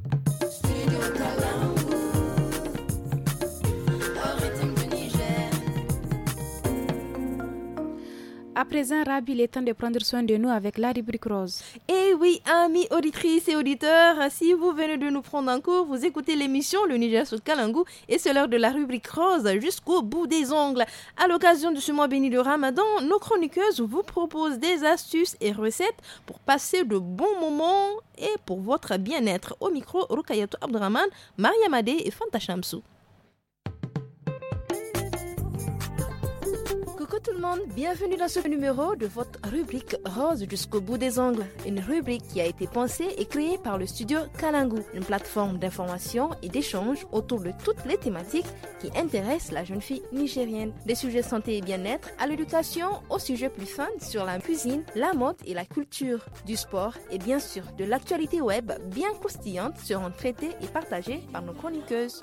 À présent, Rabi, il est temps de prendre soin de nous avec la rubrique rose.
Eh oui, amis auditrices et auditeurs, si vous venez de nous prendre en cours, vous écoutez l'émission Le Niger sous Kalangou et c'est l'heure de la rubrique rose jusqu'au bout des ongles. À l'occasion de ce mois béni de Ramadan, nos chroniqueuses vous proposent des astuces et recettes pour passer de bons moments et pour votre bien-être. Au micro, Rukayatou Abdraman, Mariamade et Fanta Shamsou. tout le monde, bienvenue dans ce numéro de votre rubrique Rose jusqu'au bout des ongles, une rubrique qui a été pensée et créée par le studio Kalangu, une plateforme d'information et d'échange autour de toutes les thématiques qui intéressent la jeune fille nigérienne, des sujets santé et bien-être à l'éducation, aux sujets plus fun sur la cuisine, la mode et la culture, du sport et bien sûr de l'actualité web bien croustillante seront traités et partagés par nos
chroniqueuses.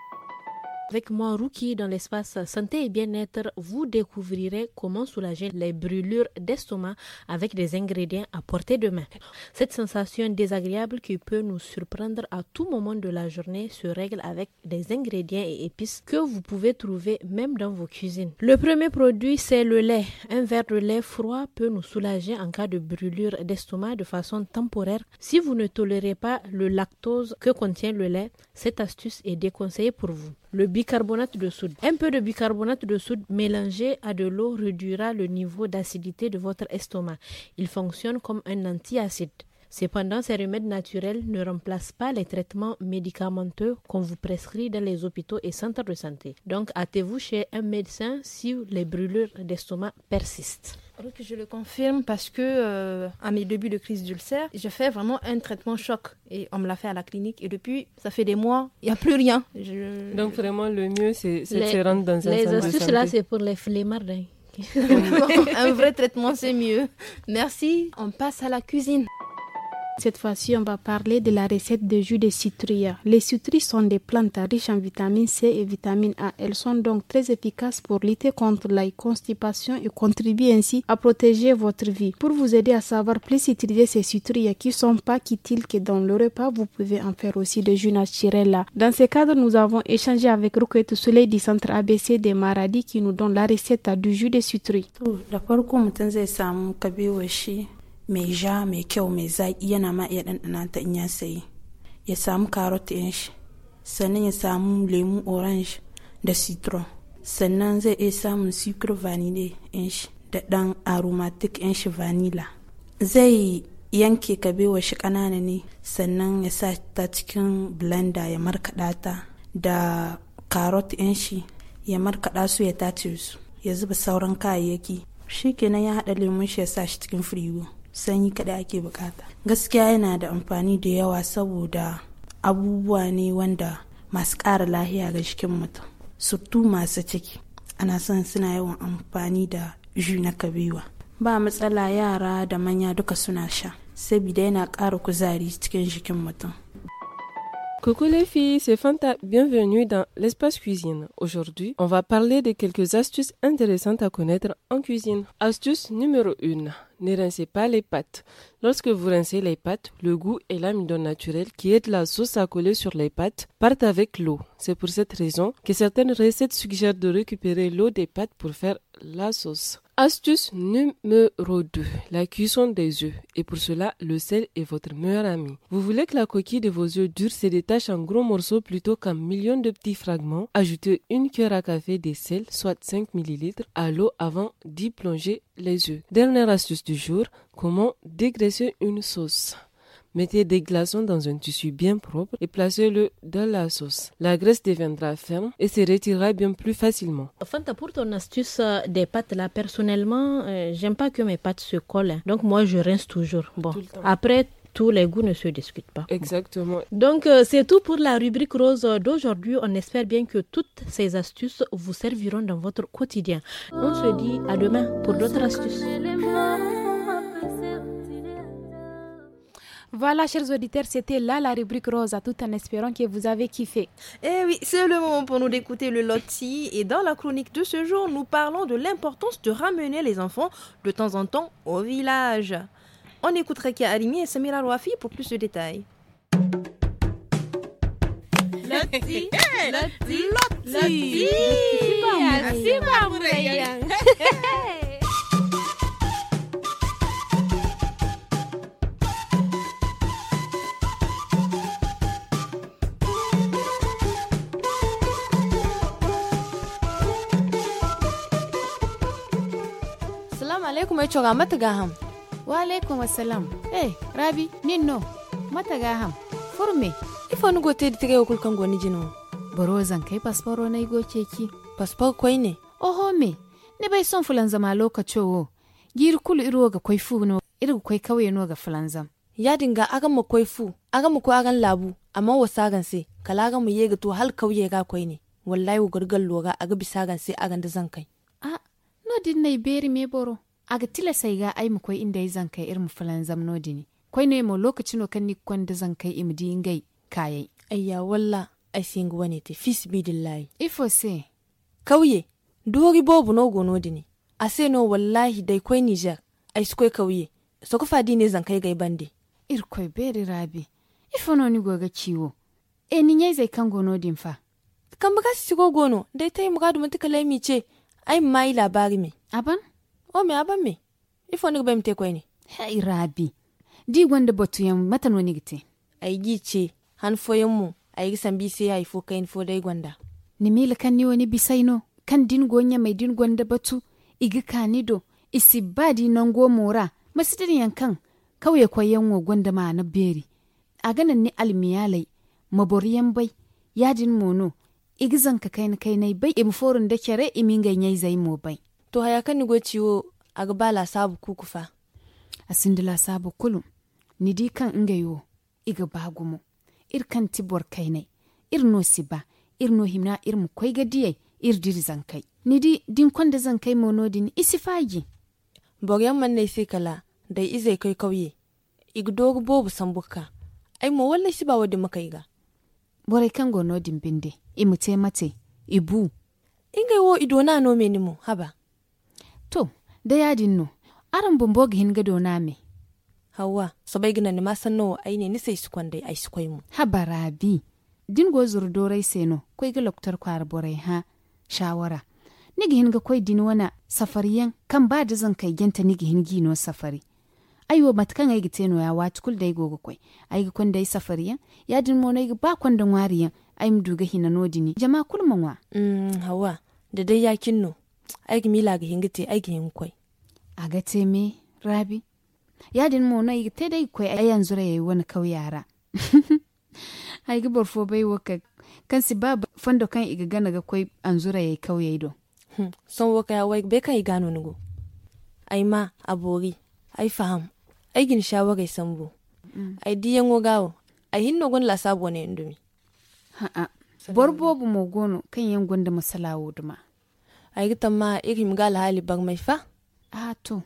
Avec moi, Rookie, dans l'espace santé et bien-être, vous découvrirez comment soulager les brûlures d'estomac avec des ingrédients à portée de main. Cette sensation désagréable qui peut nous surprendre à tout moment de la journée se règle avec des ingrédients et épices que vous pouvez trouver même dans vos cuisines. Le premier produit, c'est le lait. Un verre de lait froid peut nous soulager en cas de brûlure d'estomac de façon temporaire. Si vous ne tolérez pas le lactose que contient le lait, cette astuce est déconseillée pour vous. Le bicarbonate de soude. Un peu de bicarbonate de soude mélangé à de l'eau réduira le niveau d'acidité de votre estomac. Il fonctionne comme un antiacide. Cependant, ces remèdes naturels ne remplacent pas les traitements médicamenteux qu'on vous prescrit dans les hôpitaux et centres de santé. Donc, hâtez-vous chez un médecin si les brûlures d'estomac persistent. je le confirme parce que euh, à mes débuts de crise d'ulcère,
je fais vraiment un traitement choc et on me l'a fait à la clinique et depuis ça fait des mois,
il n'y a plus rien. Donc vraiment le mieux c'est de se rendre dans un centre Les astuces là c'est
pour les flemmards. Hein. un vrai
traitement c'est mieux. Merci, on passe à la cuisine.
Cette fois-ci, on va parler de la recette de jus de citrouille. Les citrouilles sont des plantes riches en vitamine C et vitamine A. Elles sont donc très efficaces pour lutter contre la constipation et contribuent ainsi à protéger votre vie. Pour vous aider à savoir plus utiliser ces citrouilles qui sont pas quittiles que dans le repas, vous pouvez en faire aussi de jus naturel. Dans ce cadre, nous avons échangé avec Roquette Soleil du centre ABC des Maladies qui nous donne la recette du jus de
citrouille. mai ja mai kyau mai zaƙi yana ma iya ɗanɗana ta in ya sayi ya samu karot ɗin shi sannan ya samu lemu orange da citron sannan zai iya samun sucre vanille ɗin shi da ɗan aromatic ɗin shi vanilla zai yanke kabewa shi ƙanana ne sannan ya sa ta cikin blender ya markaɗa ta da karot ɗin shi ya markaɗa su ya tace su ya zuba sauran kayayyaki shi kenan ya haɗa lemun shi ya sa shi cikin firigo sanyi kaɗai ake bukata gaskiya yana da amfani da yawa saboda abubuwa ne wanda masu ƙara lahiya ga jikin mutum surtu masu ciki ana son suna yawan amfani da ju na kabewa ba matsala yara da manya duka suna sha sabida
yana ƙara kuzari cikin jikin mutum Coucou les filles, c'est Fanta, bienvenue dans l'espace cuisine. Aujourd'hui, on va parler de quelques astuces intéressantes à connaître en cuisine. Astuce numéro 1. Ne rincez pas les pâtes. Lorsque vous rincez les pâtes, le goût et l'amidon naturel qui aident la sauce à coller sur les pâtes partent avec l'eau. C'est pour cette raison que certaines recettes suggèrent de récupérer l'eau des pâtes pour faire la sauce. Astuce numéro 2, la cuisson des œufs. Et pour cela, le sel est votre meilleur ami. Vous voulez que la coquille de vos œufs durs se détache en gros morceaux plutôt qu'en millions de petits fragments Ajoutez une cuillère à café de sel, soit 5 ml, à l'eau avant d'y plonger les œufs. Dernière astuce du jour, comment dégraisser une sauce Mettez des glaçons dans un tissu bien propre et placez-le dans la sauce. La graisse deviendra ferme et se retirera bien plus facilement.
Fanta, pour ton astuce euh, des pâtes, là, personnellement, euh, j'aime pas que mes pâtes se collent. Hein. Donc, moi, je rince toujours. Bon, après, tous les goûts ne se discutent pas. Exactement. Donc, euh, c'est tout pour la rubrique rose d'aujourd'hui. On espère bien que toutes ces astuces vous serviront dans votre quotidien. On se dit à demain pour d'autres astuces.
Voilà, chers auditeurs, c'était là la rubrique rose, tout en espérant que vous avez kiffé. Eh
oui, c'est le moment pour nous d'écouter le loti. Et dans la chronique de ce jour, nous parlons de l'importance de ramener les enfants de temps en temps au village. On écoutera Kia Arimi et Samira Rouafi pour plus de détails.
alaikum mata mataga ham wa alaikum assalam eh rabi ninno mataga ham furme ifanu gote di tege okul kan goni jino baro zan kai pasporo na igo keki paspor kwai ne oho me ne bai son fulan zama wo. giri kulu iro ga kwai fu no iro kwai kawai no ga fulan zam ya dinga agan mu kwai fu agan mu ko agan labu amma wasagan se kala agan mu yega to hal kauye ga kwai ne wallahi wa gargal loga aga bisagan se agan da zan kai a ah, no din nai beri me boro aga tila sai ga ai mu koi inda zan kai irin fulan zamno kai koi no mo lokacin kan ni zan kai imdi ingai kayai ayya walla ai singu wani te fis bidillahi ifo se kauye dori bobu no gono dini se no wallahi dai koi niger ai su koi kauye so ku fadi ne zan kai gai bande ir koi beri rabi ifo no ni goga ciwo e ni nyai zai kan gono din fa kan baka si go gono dai tai mu gadu mutuka lai ce ai mai labari me aban o me aban mi ifo ni bem te koyni hey rabi di gonda botu yam matan woni gite ay gi ce han foyen mu ay gi sambi se ay fo kain fo dai gonda ni mil kan ni woni bisaino kan din gonya mai din gonda batu igi kanido isi badi non go mora masidin yankan kauye koyen wo gonda ma na beri a ganin ni almiyalai maboriyan bai yadin mono igizan ka kai kai nai bai im forun da kere imin ganyai zai mo bai to haya kan nigo ciwo a agba la sabu kukufa sindi la sabu ni di kan inga yiwo, iga bagumo ir kan tibor kai ir no ba, ir no himna ir mu ga diyai ir diri zankai di din kwanda zankai monodin isi fagi bogyan man ne kala da izai kai kauye dogu bobu sambuka ai mo wallai si ba wadi muka iga Borai kan go nodin binde imu te mate ibu inga wo idona no mu haba To, da yadin no, aran bumbo gihin gado na me. Hawa, bai gina ni masan nawa ai ne ni sai su kwandai ai su kwai mu. Haba rabi, dingo zurdorai seno, kwai ga loktar kwar borai ha, shawara. Ni gihin ga kwai din wana safariyan kan ba da zan kai genta ni gihin gino safari. aiwo matkan ai no ya kul dai gogo kwai ai ga kon dai safariyan ya din mo ga ba kon da wariyan ai mu duga hina nodini jama kulman wa mm hawa da dai yakin no aiki mila ga aiki hin kwai a ga teme rabi yadin mu na ta dai koi a yanzu ra yayi wani kau yara aigi barfo bai waka kan si ba fando kan iga gana ga koi anzura yayi kau yayi do hmm. son waka ya wai bai kan iga no nugo ai ma abori ai faham hmm. ai gin shawara sambo mm. ai diyan gawo ai hinno gon la sabo ne indumi ha'a borbo bu mo gono kan yan gonda masalawo duma ayigitan ma irim gala hali bar mai fa a ah, to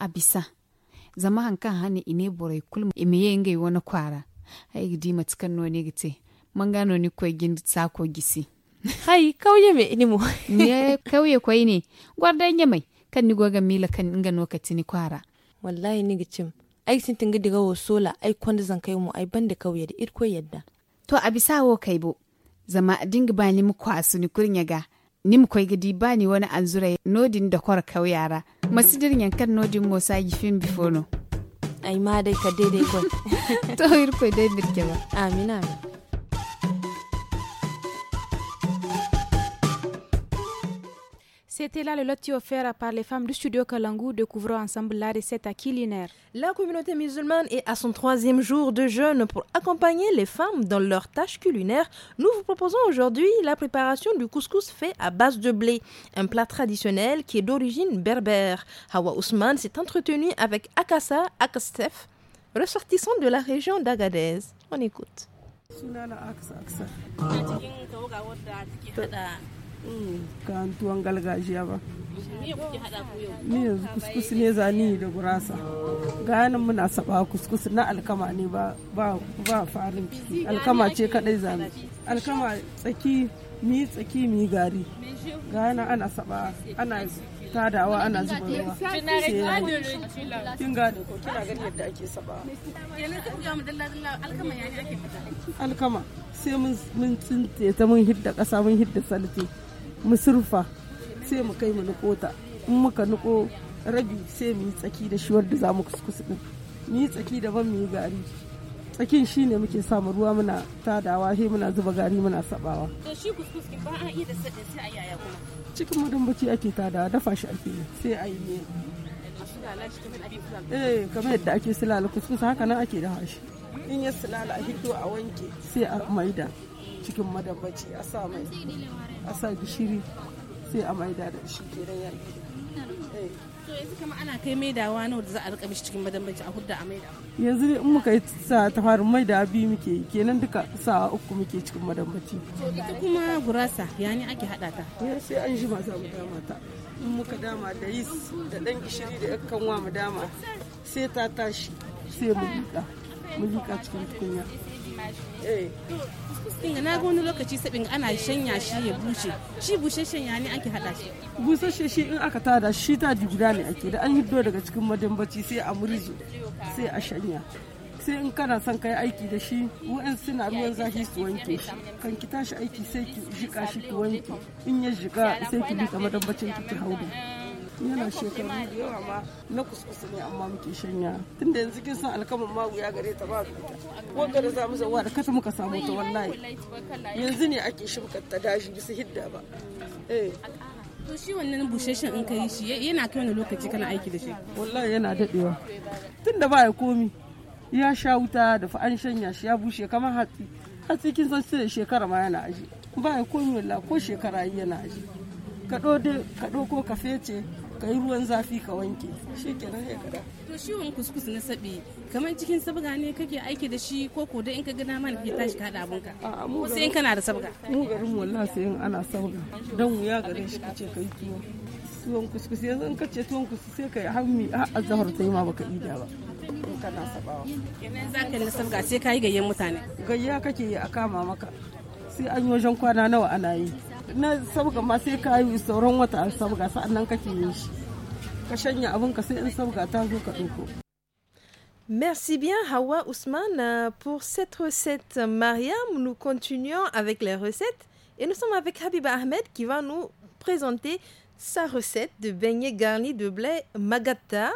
a bisa zama hankan hani ine borai kulma imiye ngai wani kwara gidi matukan no ne gite man gano ni kwai gindi sako gisi hai kauye me ni mu ne kauye kwai ne gwardan ya mai kan ni goga mila kan inga ka ni kwara wallahi ni gicim ai sun tinga diga wo sola ai kwanda zan kai mu ai banda kauye da irko yadda to a bisa wo kai bo zama dinga ba ni mu kwasu ni kurnya ga nim koy gidi bani wani anzura nodin da kwar yara masidir yankan nodin mosa gifin bifono ai ma dai ka daidai kwai to irko dai birke ba amina
C'était là le loti offert par les femmes du studio Kalangu, découvrant ensemble la recette à culinaire.
La communauté musulmane est à son troisième jour de jeûne pour accompagner les femmes dans leurs tâches culinaires. Nous vous proposons aujourd'hui la préparation du couscous fait à base de blé, un plat traditionnel qui est d'origine berbère. Hawa Ousmane s'est entretenu avec Akassa Akastef, ressortissant de la région d'Agadez. On écoute. Ka
tuwon gargajiya ba
ni yanzu kuskus ne za
ni da gurasa ganin muna saba kuskus na alkama ne ba farin alkama ce kadai zani alkama tsaki mi tsaki mi gari gana ana saba ana tadawa ana zuba ruwa kin gani da ko kina gani yadda ake saba alkama sai mun tsinte ta mun hidda kasa mun hidda salte mu surfa sai mu kai mu niko ta in muka niko rabi sai mu yi tsaki da shi da za mu kuskusu din mu yi tsaki daban mu yi gari tsakin shi ne muke samu ruwa muna tadawa sai muna zuba gari muna sabawa to shi
kuskus ba a iya da sadin sai a yaya kuma
cikin madambaci ake tadawa dafa shi ake sai a yi ne
eh kamar yadda
ake silala kuskus haka nan ake da shi in ya silala a hito a wanke sai a maida cikin madambaci a sa mai a sa gishiri sai a maida da shi
kenan ya to yanzu kama ana kai maidawa nawa da za a rika mishi cikin madambaci a hudda a maida
yanzu in muka yi sa ta faru maida biyu muke kenan duka sa uku muke cikin madambaci.
to ita kuma gurasa ya ne ake hada ta eh, sai an shi masu mu dama ta
in muka dama da yis da dan gishiri da yakan wa mu dama sai ta tashi sai mu liƙa mu liƙa cikin tukunya
eh din na ga wani lokaci
sabin ana shanya shi ya
bushe shi bushe shanya ne ake hada shi
busasshe shi in aka tada shi ta guda ne ake da an hiddo daga cikin madambaci sai a murizo sai a shanya sai in kana son kai aiki da shi wa'in suna ruwan zafi su wanke shi kan ki tashi aiki sai ki jika shi ki wanke in ya jika sai ki bi madambacin ki ki hauda yana shekaru yawa ma na kuskusa ne amma muke shanya tun da yanzu kin san alkaman magu ya gare ta ba ta wanda da zamu zawa da kata muka samu ta wallahi yanzu ne ake muka ta dashi bisa hidda ba eh
to shi wannan busheshen in kai shi yana kai
wani lokaci kana aiki da shi wallahi yana dadewa da ba ya komi ya sha wuta da fa an shanya shi ya bushe kamar hatsi hatsi kin san sai shekara ma yana aji ba ya komi wallahi ko shekara yana aji ka ɗo ko ka fece ka yi ruwan zafi ka wanke shi
kenan sai to shi wani kuskus na sabi kamar cikin sabga ne kake aiki da shi ko ko da in ka gana mana ka tashi ka hada abun ka ko sai in kana da sabga
mu garin wallahi sai in ana sabga dan wuya garin shi kace kai tuwo tuwon
kuskus yanzu in kace
tuwon kuskus sai kai hammi a azhar sai ma baka ida ba in kana sabawa kenan zaka na sabga sai kai gayyen mutane gayya kake yi a kama maka sai an yi wajen kwana nawa ana yi Merci bien Hawa
Ousmane pour cette recette. Mariam, nous continuons avec les recettes et nous sommes avec Habiba Ahmed qui va nous présenter sa recette de beignet garni de blé magata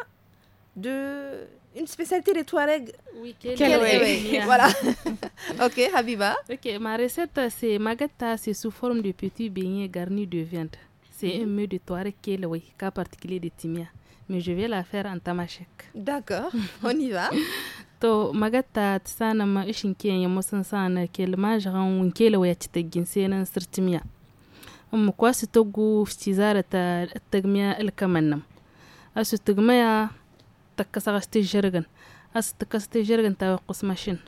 de une spécialité des Touaregs.
Oui, Kéloé. Voilà. ok, Habiba. Ok, ma recette, c'est magata, c'est sous forme de petits beignets garnis de viande. C'est un mhm. mets de Touareg Kelwe, cas particulier de Timia. Mais je vais la faire en tamashek. D'accord, on y va. to magata tsana ma ishin na ya musan sana kel ma un kele waya ci tagin senan sirtimiya amma um, kwasi togu ftizara ta tagmiya alkamannam asu tagmaya takkasagasti jirgin as tikkasti jirgin tawe qusmashin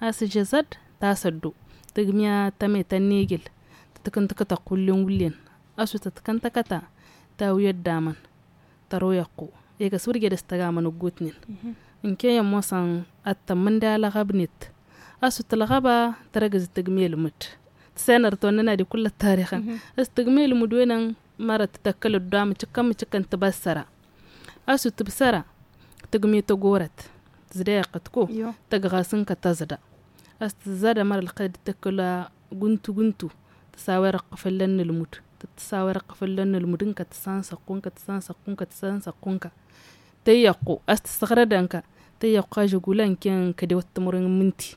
as jazad ta saddu tigmiya tame ta negil tatikan takata kullin wullin asu tatikan takata ta wuyar daman taro yakku ega surge da staga manu gutnin in ke yan mosan attamin da lagabnit asu talagaba taragaz tigmiyel mut senar to nana di kullat tarihan as tigmiyel mudwenan mara tatakalu damu cikkan mu cikkan tabassara asu tibsara تقمي تقورت زريقت كو تقغاسن كتزدا أستزادة مر القيد تكلا قنتو قنتو تساوي رقف لن الموت تتساوي رقف لن الموت انك تسان قنك تسان قنك تسان قنك تيقو أستستغرد انك تيقو جغولا انك كدي واتمرن منتي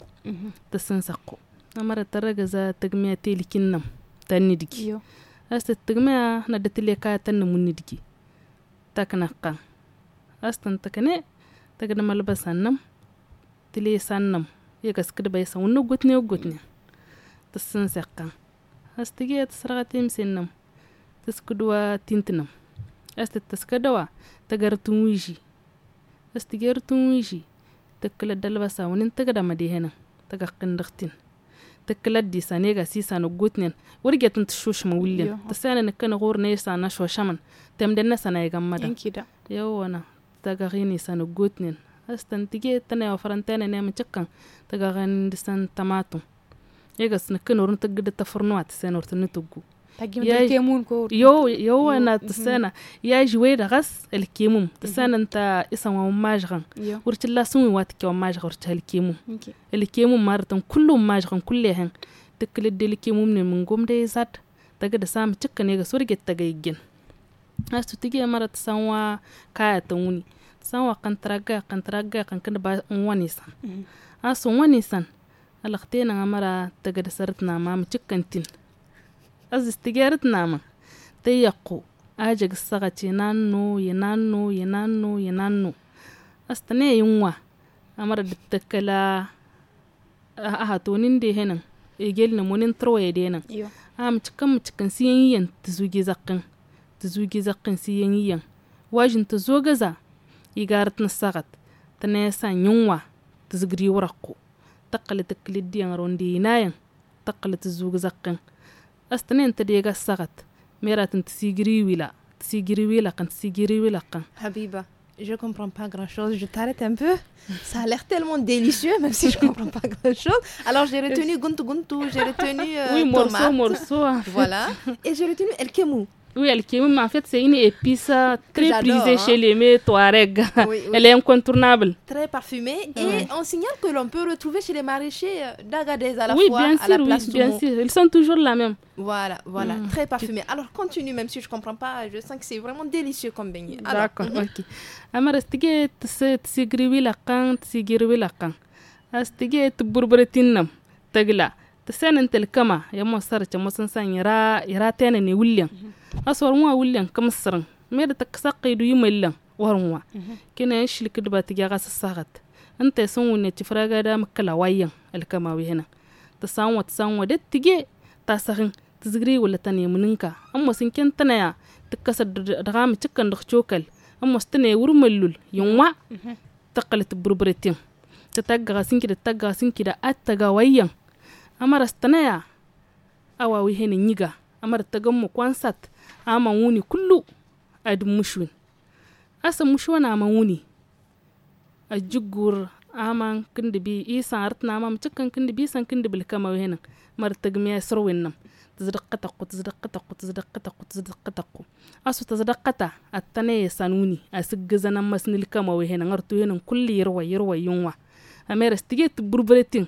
تسانسا قو أمر زا تقمي تيلي كنم تاني دكي أستتقمي ندتلي كاتا نموني دكي تاكنا قان astan takane tagna malba sannam tili sannam yagaskid baysa wunna gutni gutni tasin sekkan astigi tasragatim sinnam taskudwa tintinam asta taskadawa tagartun wiji astigertun wiji takla dalbasa wunin tagada madihena taga qindaqtin takladi sanega sisano gutnen wargetun tushushma willen tasana nakana gorne sana shoshaman tamdanna sana igammada yawana tagarinaysan gutnin astan tigeetanay farantaynanayman cakan tagarindisan tamatum yagasna kanurun tagidata furnuatisena ortanitugu
yowana tisena
yajiweida gas alkimum tisenanta isan wamajgan wurci lasunwi watike wamajga wurci alkimum alkimum maratan kullu majgan kullehen tikkilidde alkimum ne mingumde zat tagada sam cikkan yagas wurget tagayiggin astu tigi mara ta san wa kaya ta wuni san wa kantara gaya kankana ba wani san mm-hmm. asu wani san alakhte na mara ta gada na ma mu cikkantin azis na ma ta yaqu aja gisaga ce nanno ya nanno ya nanno ya nanno asta ne yunwa amara da takala a hatonin da henan egel na munin troye da henan a mu mu cikin siyan yin ta zakkan تزوجي زقن سيانيا واجن تزوجزا يقارت نساغت تناسا ينوا تزقري ورقو تقل تكل الدين روندي ناين تقل تزوج زقن أستنين تديقا الساغت ميرا تنتسيقري ولا تسيقري ولا قن تسيقري ولا قن
حبيبة je comprends pas grand chose. Je t'arrête un peu. Ça a l'air tellement délicieux, même si je comprends pas grand chose.
Alors j'ai retenu
guntu guntu, j'ai retenu euh, oui, morceau, tomate. morceau. Voilà. Et j'ai retenu el kemou.
Oui, le mais en fait, c'est une épice très prisée hein. chez les Touareg. Elle est incontournable.
Très parfumée. Et on signale que l'on peut retrouver chez les maraîchers euh, d'Agadez à la oui, fois, à la place Oui, bien sûr.
Ils sont toujours la même.
Voilà, voilà. Mm. Très parfumée. Alors, continue, même si je ne comprends pas. Je sens que c'est vraiment délicieux comme beignet. D'accord, mm-hmm.
ok. Amarastige, tsigriwi lakan, tsigriwi lakan. Astige, tinam tagla. tisenin tilkama ya mo sar ce musun san yara yara tene ne wullen mhm. asuwar mu wullen kam sirn me da ta saqidu yimallan warnwa mhm. kina yin shilki da ta ga gasa sagat anta sun wune ci fraga da kala wayan alkama wi hena ta san ta san wa da tige ta sahin ta zigri wala ta ne muninka amma sun kin tana ya ta kasar da ga mu cikkan da chokal amma su tana mallul yunwa mhm. ta qalat burburatin ta tagga sinki da tagga sinki da ga wayan Amaras amarastana ya awawi henin nyiga amar ta gammo kwansat ama wuni kullu adin mushwin asa mushwana ama wuni a jiggur aman kundi bi isan artna amam cikkan kindi bi san kindi bil kama nan mar tagmiya sirwin nam tzdaqqa taqu tzdaqqa taqu tzdaqqa taqu tzdaqqa taqu asu san wuni a asiggiza nam masnil kama wenin artu yenin kulli yirwa yirwa yunwa ameras tige burburetin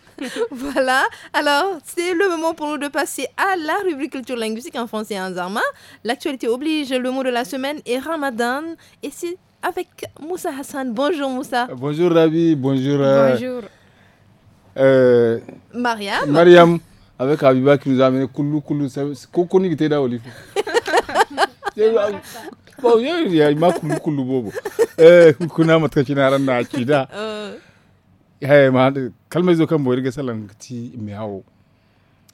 voilà. Alors, c'est le moment pour nous de passer à la rubrique culture linguistique en français et en zarma. L'actualité oblige, le mot de la semaine est ramadan. Et c'est avec Moussa Hassan. Bonjour Moussa. Bonjour
Rabi, bonjour. Bonjour. Euh, Mariam. Mariam, avec Abiba qui nous a amené Koulou Koulou. c'est qui était là, Bon, il m'a Koulou Koulou Bobo. Kuna matakina randa akida. yaye ma kalmai zo kan boyirga salan ti me hawo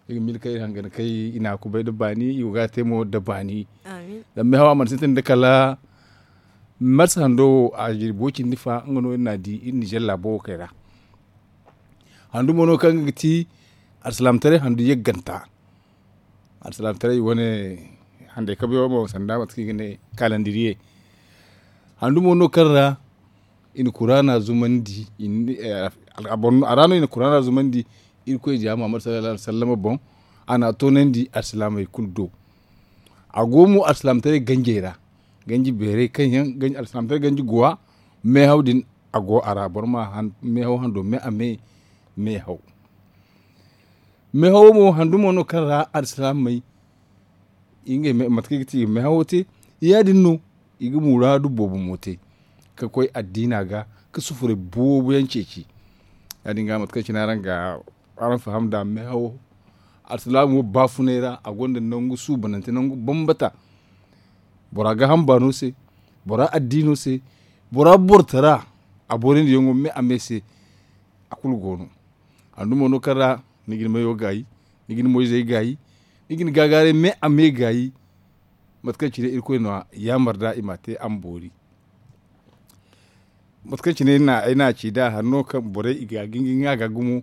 yin mil kai hangana kai ina ku bai dabani yu ga temo dabani amin da me hawa man sintin da kala marsa hando a jirbokin nifa ngano ina di in jella bo kaira handu mono kan ti arsalam tare handu yegganta arsalam tare wone hande kabe mo sanda matki ne kalandiriye handu mono karra in kurana zumandi in eh, a rano in kurana zumandi irko ji muhammad sallallahu alaihi wasallam bon ana kundo a kuldo agomu aslamtare ganjera ganji bere kan yan ganji aslamtare ganji gowa me haudin ago arabor ma han me hau hando me ame me hau me hau mo handu mo no kara aslamai inge me matkiti me hau te yadin no igi muradu bobu mote ka koi addina ga ka sufure bobuyan ceki ya dinga matka shi na ranga aran faham da mai hawo arsilamu ba funera a gwanda nan gusu bananta nan bambata bora ga hamba no se bora addino se bora burtara a borin da yongo me se a kulgono numa no kara nigin mayo gayi nigin zai gayi nigin gagare me ame gayi matka da irko no ya marda imate an bori ci ne na aina ci da hannu kan bore iga gingin ya ga gumu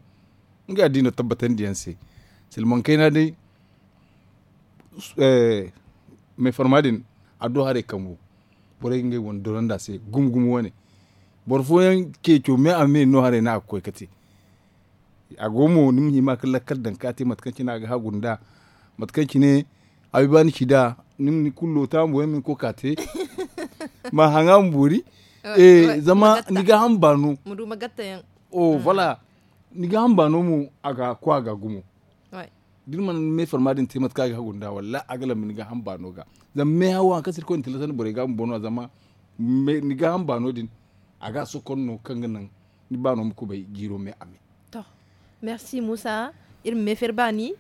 ga dina tabbatan diyan sai silman kai na dai eh, mai farmadin ado hare kanmu bore ngai wani doron da sai gum gum wani bor fo yan ke kyo me ame no hare na akwai kati a gomo nim hi ma kala kaddan kati matkanci na ga hagunda ci ne abubuwan ci da nim ni kullo ta mu wani ko kate ma hanga buri. eh, eh zama niga han banu mudu magatta yan oh ah. voilà niga han banu mu aga ko aga gumo man me farmadin temat ga gunda walla agala min ga han bano ga zan me hawa ka sirko intelesan bore ga bonu zama me ni ga han bano din aga so konno kan ganan ni bano mu ko bai giro me ame
to merci musa ir me ferbani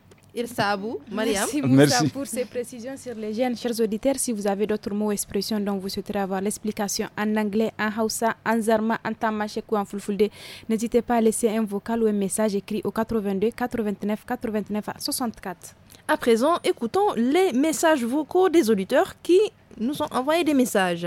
Merci,
Moussa, pour ces précisions sur les jeunes. Chers auditeurs, si vous avez d'autres mots ou expressions dont vous souhaiterez avoir l'explication en anglais, en Hausa, en Zarma, en Tamashek ou en Fulfulde, n'hésitez pas à laisser un vocal ou un message écrit au 82 89 89
64. À présent, écoutons les messages vocaux des auditeurs qui nous ont envoyé des messages.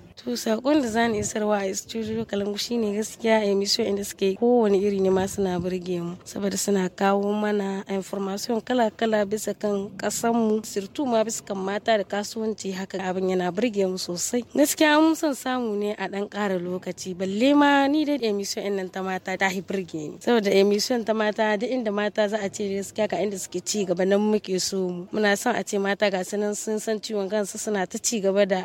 To sakon da zani isarwa a studio Kalangu shine gaskiya emission inda suke kowane iri ne ma suna burge mu saboda suna kawo mana information kala-kala bisa kan kasan mu sirtu ma bisa kan mata da kasuwanci haka abin yana burge mu sosai. Gaskiya mun son samu ne a dan kara lokaci balle ma ni da emission ɗin nan ta mata ta hi burge ni saboda emission ta mata duk inda mata za a ce gaskiya ka inda suke ci gaba nan muke so mu. Muna son a ce mata ga sun san ciwon kansu suna ta ci gaba da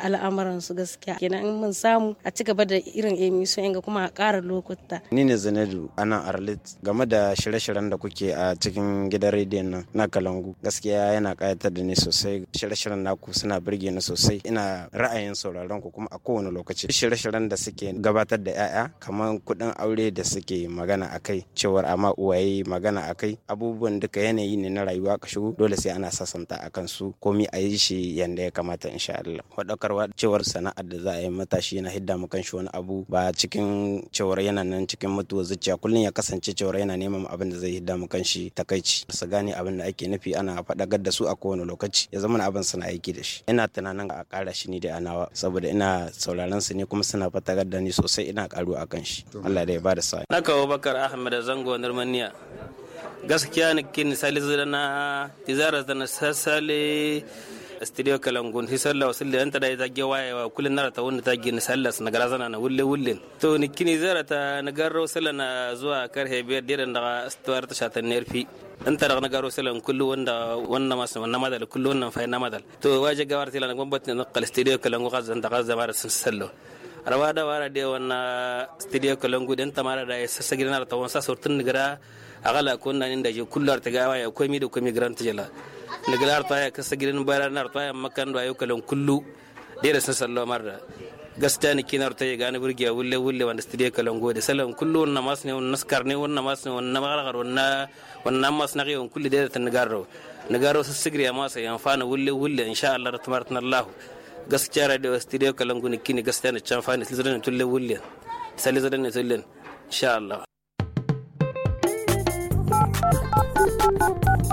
su gaskiya. Kenan in mun samu a ci gaba da irin emission ga kuma a ƙara lokuta.
Ni ne Zanadu ana Arlit game da shirye-shiryen da kuke a cikin gidan rediyon nan na Kalangu gaskiya yana ƙayatar da ni sosai shirye-shiryen naku suna birge ni sosai ina ra'ayin sauraron ku kuma a kowane lokaci shirye-shiryen da suke gabatar da 'ya'ya kamar kuɗin aure da suke magana a kai. cewar amma uwaye magana a kai. abubuwan duka yanayi ne na rayuwa ka shigo dole sai ana sasanta a kansu komi a yi shi yanda ya kamata insha Allah. cewar sana'ar da za a yi matashi yana hidda mu kan shi wani abu ba cikin cewar yana nan cikin mutuwa zuciya kullum ya kasance cewar yana neman abin da zai hidda mu kanshi takaici su gane abin da ake nufi ana faɗakar da su a kowane lokaci ya zama abin suna aiki da shi ina tunanin a ƙara shi ni da anawa saboda ina sauraron su ne kuma suna faɗakar da ni sosai ina karu a kan shi Allah da ya da sa'a
na kawo bakar ahmed zango nirmaniya gaskiya ni kin sali na tizara da na sassale studio kalangun hisalla wasilli anta da itagge waye wa kullin nara ta wanda tagge ni salla na garazana na wulle wullin to ni kini zara ta na garro salla na zuwa karhe biyar da da stuwar ta shatan nerfi anta da na garro salla kullu wanda wanda masu na madal kullu wannan fa na madal to waje gawar tilana gwamnati na kal studio kalangun gazan da gazan mara sun sallo arwa da wara de wanna studio kalangu den tamara da sassa gidan ta wansa sortin gara agala kunna ninda je kullar ta gawa ya komi da komi grant jela نقلار طايا كسجلين بارا نار طايا مكان رايو كلهم كله دير سنسلو مرة gastani kinar tay gani burgiya wulle wulle wanda studio kalon gode salam kullu wonna masne wonna skarne wonna masne wonna magaragar wonna wonna masne qiyon kulli de tan garo nagaro sigri ma sai amfana wulle wulle insha Allah tabarakna Allah gaskiya radio studio kalon guni kini gastani chan fani salizran tulle wulle salizran tulle insha Allah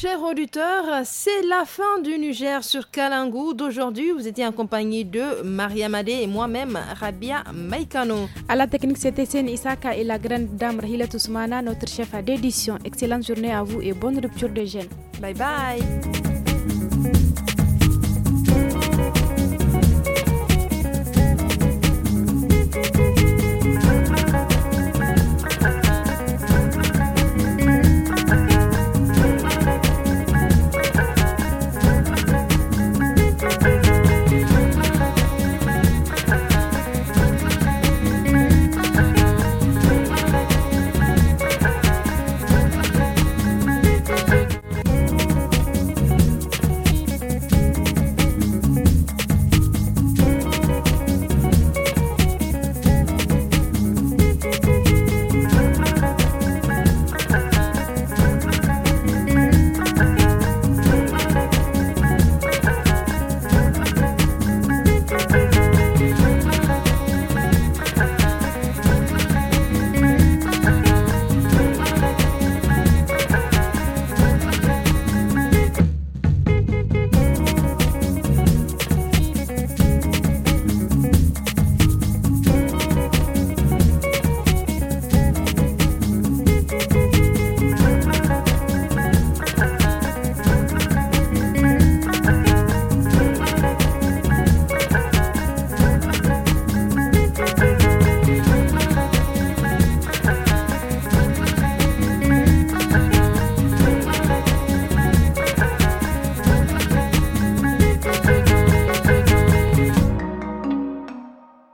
Chers auditeurs, c'est la fin du Niger sur Kalangou d'aujourd'hui. Vous étiez compagnie de Maria Madé et moi-même, Rabia Maikano.
À la technique, c'était Sene Isaka et la grande dame Rahila Tousmana, notre chef d'édition. Excellente journée à vous et bonne rupture de gêne. Bye bye.